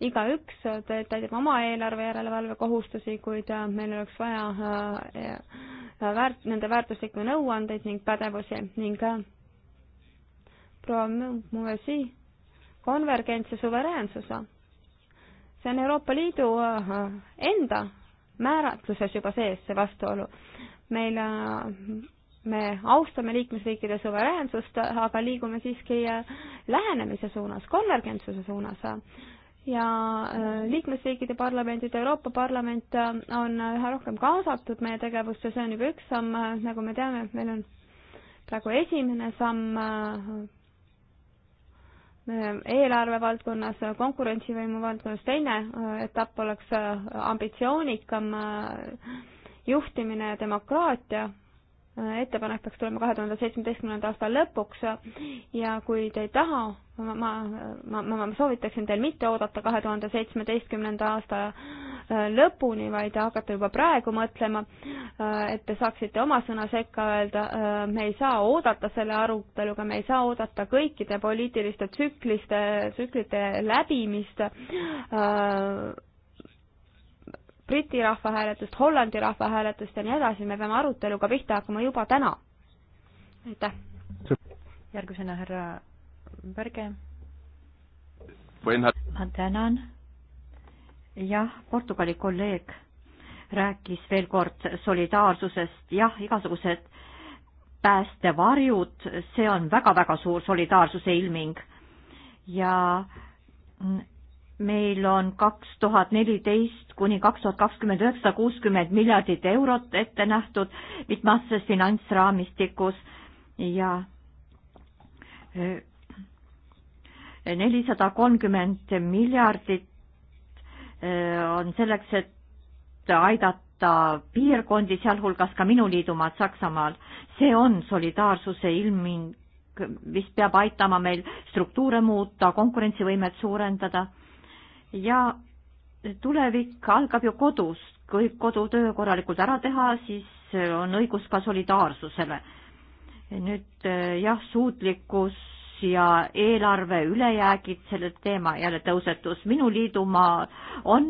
igaüks äh, täidab oma eelarve järelevalve kohustusi, kuid meil oleks vaja öö, väärt-, nende väärtuslikke nõuandeid ning pädevusi ning proua Muvesi konvergents ja suveräänsus. see on Euroopa Liidu äh, enda määratluses juba sees, see vastuolu. meil, äh, me austame liikmesriikide suveräänsust, aga liigume siiski äh, lähenemise suunas, konvergentsuse suunas ja liikmesriikide parlamendid, Euroopa Parlament on üha rohkem kaasatud meie tegevusse, see on juba üks samm, nagu me teame, meil on praegu esimene samm Ehm, eelarve valdkonnas, konkurentsivõimu valdkonnas, teine äh, etapp oleks äh, ambitsioonikam äh, juhtimine ja demokraatia, ettepanek peaks tulema kahe tuhande seitsmeteistkümnenda aasta lõpuks ja kui te ei taha, ma, ma, ma, ma soovitaksin teil mitte oodata kahe tuhande seitsmeteistkümnenda aasta Äh, lõpuni, vaid hakata juba praegu mõtlema, äh, et te saaksite oma sõna sekka öelda. Äh, me ei saa oodata selle aruteluga, me ei saa oodata kõikide poliitiliste tsükliste, tsüklite läbimist Briti rahvahääletust, Hollandi rahvahääletust ja nii edasi, me peame aruteluga pihta hakkama juba täna. aitäh. järgmisena härra Pärge. ma tänan jah, Portugali kolleeg rääkis veel kord solidaarsusest, jah, igasugused päästevarjud, see on väga-väga suur solidaarsuse ilming ja meil on kaks tuhat neliteist kuni kaks tuhat kakskümmend üheksa kuuskümmend miljardit eurot ette nähtud mitmeaastases finantsraamistikus ja äh, nelisada kolmkümmend miljardit Äh, on selleks, et aidata piirkondi, sealhulgas ka minu liidumaad Saksamaal. see on solidaarsuse ilming, mis peab aitama meil struktuure muuta, konkurentsivõimet suurendada ja tulevik algab ju kodus, kui kodutöö korralikult ära teha, siis on õigus ka solidaarsusele. nüüd äh, jah, suutlikkus ja eelarve ülejäägid, selle teema jälle tõusetus. minu liidumaa on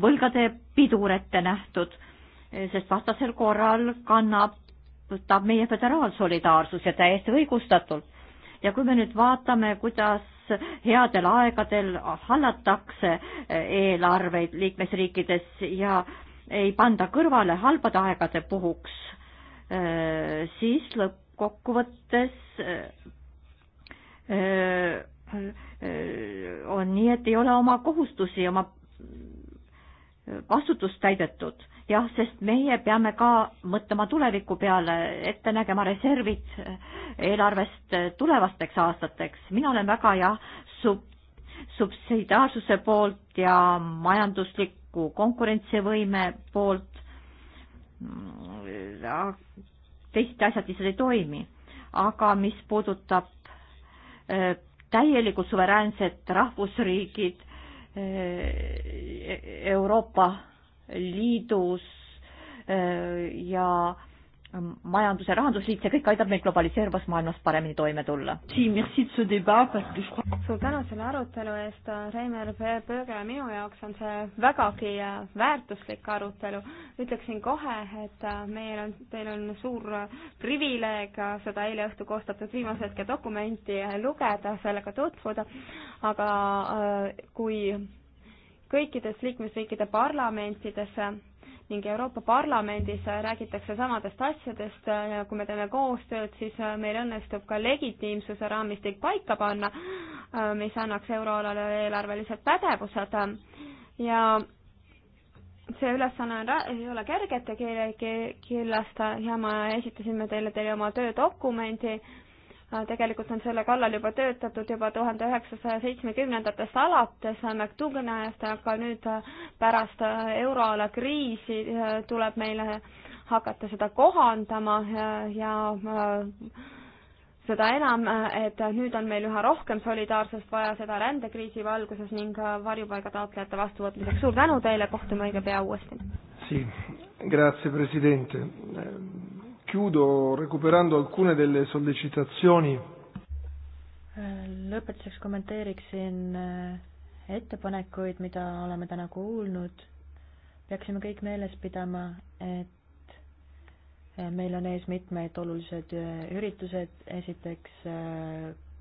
võlgade pidur ette nähtud, sest vastasel korral kannab ta meie föderaalsolidaarsus ja täiesti õigustatult. ja kui me nüüd vaatame, kuidas headel aegadel hallatakse eelarveid liikmesriikides ja ei panda kõrvale halbade aegade puhuks, siis lõppkokkuvõttes Äh, äh, on nii, et ei ole oma kohustusi, oma äh, vastutust täidetud. jah, sest meie peame ka mõtlema tuleviku peale, ette nägema reservid eelarvest tulevasteks aastateks. mina olen väga jah, sub-, subsidiaarsuse poolt ja majandusliku konkurentsivõime poolt. Mm, teised asjad lihtsalt ei toimi. aga mis puudutab täielikult suveräänsed rahvusriigid Euroopa Liidus ja majandus- ja rahandusliit, see kõik aitab meil globaliseeruvas maailmas paremini toime tulla. suur tänu selle arutelu eest, Reimer Pööge, minu jaoks on see vägagi äh, väärtuslik arutelu. ütleksin kohe, et äh, meil on, teil on suur äh, privileeg seda eile õhtul koostatud viimase hetke dokumenti lugeda, sellega tutvuda, aga kui kõikides liikmesriikide parlamentides ning Euroopa Parlamendis räägitakse samadest asjadest ja kui me teeme koostööd, siis meil õnnestub ka legitiimsuse raamistik paika panna, mis annaks euroalale eelarvelised pädevused ja see ülesanne on, ei ole kergete kirjast ja ma esitasime teile, teile oma töödokumendi Äh, tegelikult on selle kallal juba töötatud juba tuhande üheksasaja seitsmekümnendatest alates äh, McDouganist, aga nüüd äh, pärast euroala kriisi tuleb meile hakata seda kohandama ja, ja seda enam, et nüüd on meil üha rohkem solidaarsust vaja seda rändekriisi valguses ning varjupaiga taotlejate vastuvõtmiseks. suur tänu teile, kohtume õige pea uuesti. Sì, grazie Presidente. Chiudo recuperando alcune delle sollecitazioni. Äh, lõpetuseks kommenteeriksin äh, ettepanekuid, mida oleme täna kuulnud. peaksime kõik meeles pidama, et äh, meil on ees mitmed olulised üritused, esiteks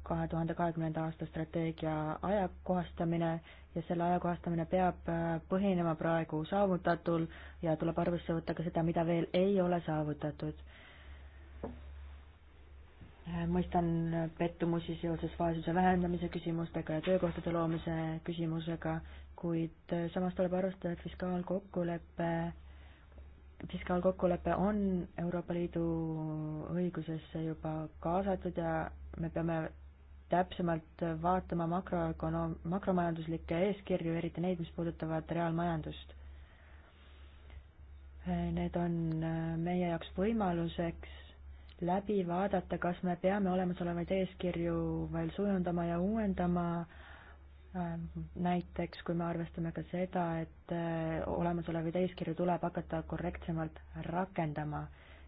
kahe tuhande kahekümnenda aasta strateegia ajakohastamine ja selle ajakohastamine peab äh, põhinema praegu saavutatul ja tuleb arvesse võtta ka seda, mida veel ei ole saavutatud. Äh, mõistan pettumusi seoses vaesuse vähendamise küsimustega ja töökohtade loomise küsimusega, kuid äh, samas tuleb arvestada, et fiskaalkokkulepe fiskaalkokkulepe on Euroopa Liidu õigusesse juba kaasatud ja me peame täpsemalt vaatama makroökonoom-, makromajanduslikke eeskirju, eriti neid, mis puudutavad reaalmajandust. Need on meie jaoks võimaluseks läbi vaadata, kas me peame olemasolevaid eeskirju veel sujundama ja uuendama, näiteks kui me arvestame ka seda, et olemasolevaid eeskirju tuleb hakata korrektsemalt rakendama,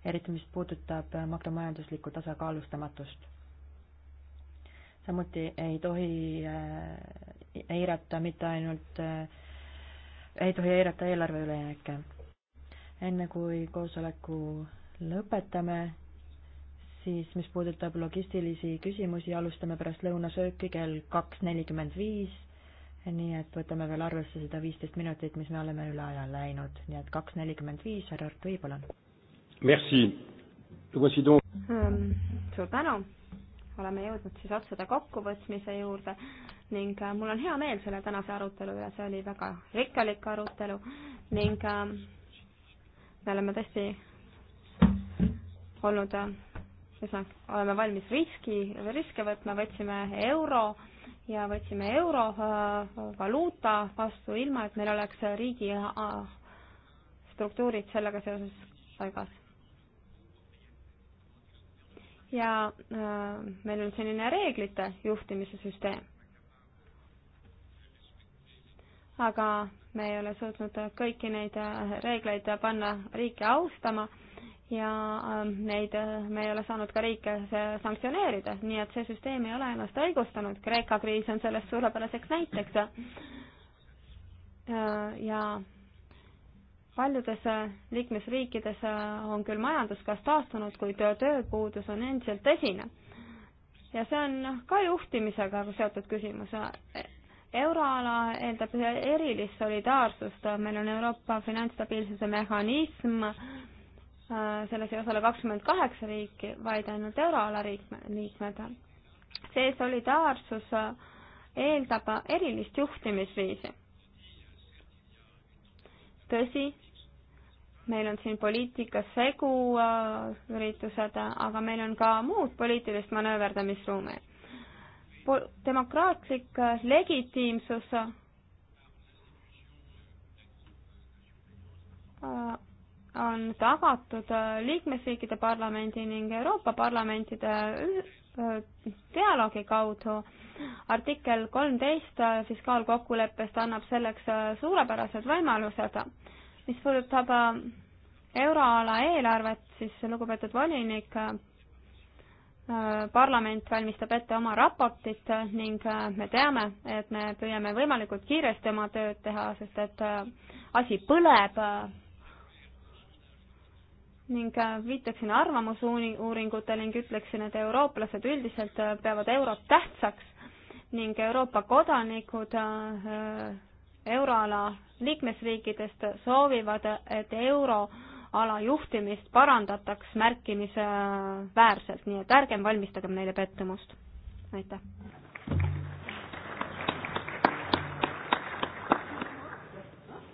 eriti mis puudutab makromajanduslikku tasakaalustamatust samuti ei tohi äh, eirata mitte ainult, äh, ei tohi eirata eelarve ülejääke. enne kui koosoleku lõpetame, siis mis puudutab logistilisi küsimusi, alustame pärast lõunasööki kell kaks nelikümmend viis, nii et võtame veel arvesse seda viisteist minutit, mis me oleme üle aja läinud, nii et kaks nelikümmend viis, härra Artur, palun. Merci. Voici donc. Um, suur tänu oleme jõudnud siis otsade kokkuvõtmise juurde ning äh, mul on hea meel selle tänase arutelu üle, see oli väga rikkalik arutelu ning äh, me oleme tõesti olnud, äh, ühesõnaga, oleme valmis riski, riske võtma, võtsime euro ja võtsime euro valuuta vastu, ilma et meil oleks riigi struktuurid sellega seoses paigas ja äh, meil on selline reeglite juhtimise süsteem. aga me ei ole suutnud kõiki neid äh, reegleid panna riike austama ja äh, neid, me ei ole saanud ka riike sanktsioneerida, nii et see süsteem ei ole ennast õigustanud, Kreeka kriis on sellest suurepäraseks näiteks. ja paljudes äh, liikmesriikides äh, on küll majanduskasv taastunud, kuid äh, tööpuudus on endiselt esine. ja see on noh, ka juhtimisega seotud küsimus. euroala eeldab erilist solidaarsust, meil on Euroopa finantsstabiilsuse mehhanism, selles ei osale kakskümmend kaheksa riiki, vaid ainult euroala liikme, liikmed. see solidaarsus eeldab erilist juhtimisviisi tõsi, meil on siin poliitika segu äh, üritused, aga meil on ka muud poliitilist manööverdamisruumi. demokraatlik äh, legitiimsus äh, on tagatud liikmesriikide parlamendi ning Euroopa parlamentide dialoogi kaudu. artikkel kolmteist fiskaalkokkuleppest annab selleks suurepärased võimalused mis puudutab äh, euroala eelarvet, siis lugupeetud volinik, äh, parlament valmistab ette oma raportit ning äh, me teame, et me püüame võimalikult kiiresti oma tööd teha, sest et asi põleb ning viitaksin arvamusuuringutele ning ütleksin, et eurooplased üldiselt peavad eurot tähtsaks ning Euroopa kodanikud euroala liikmesriikidest soovivad, et euroala juhtimist parandataks märkimisväärselt, nii et ärgem valmistagem neile pettumust. aitäh!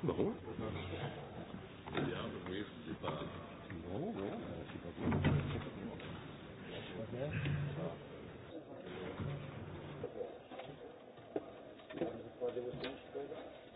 Non. Il y a un bruit qui parle. Non, non.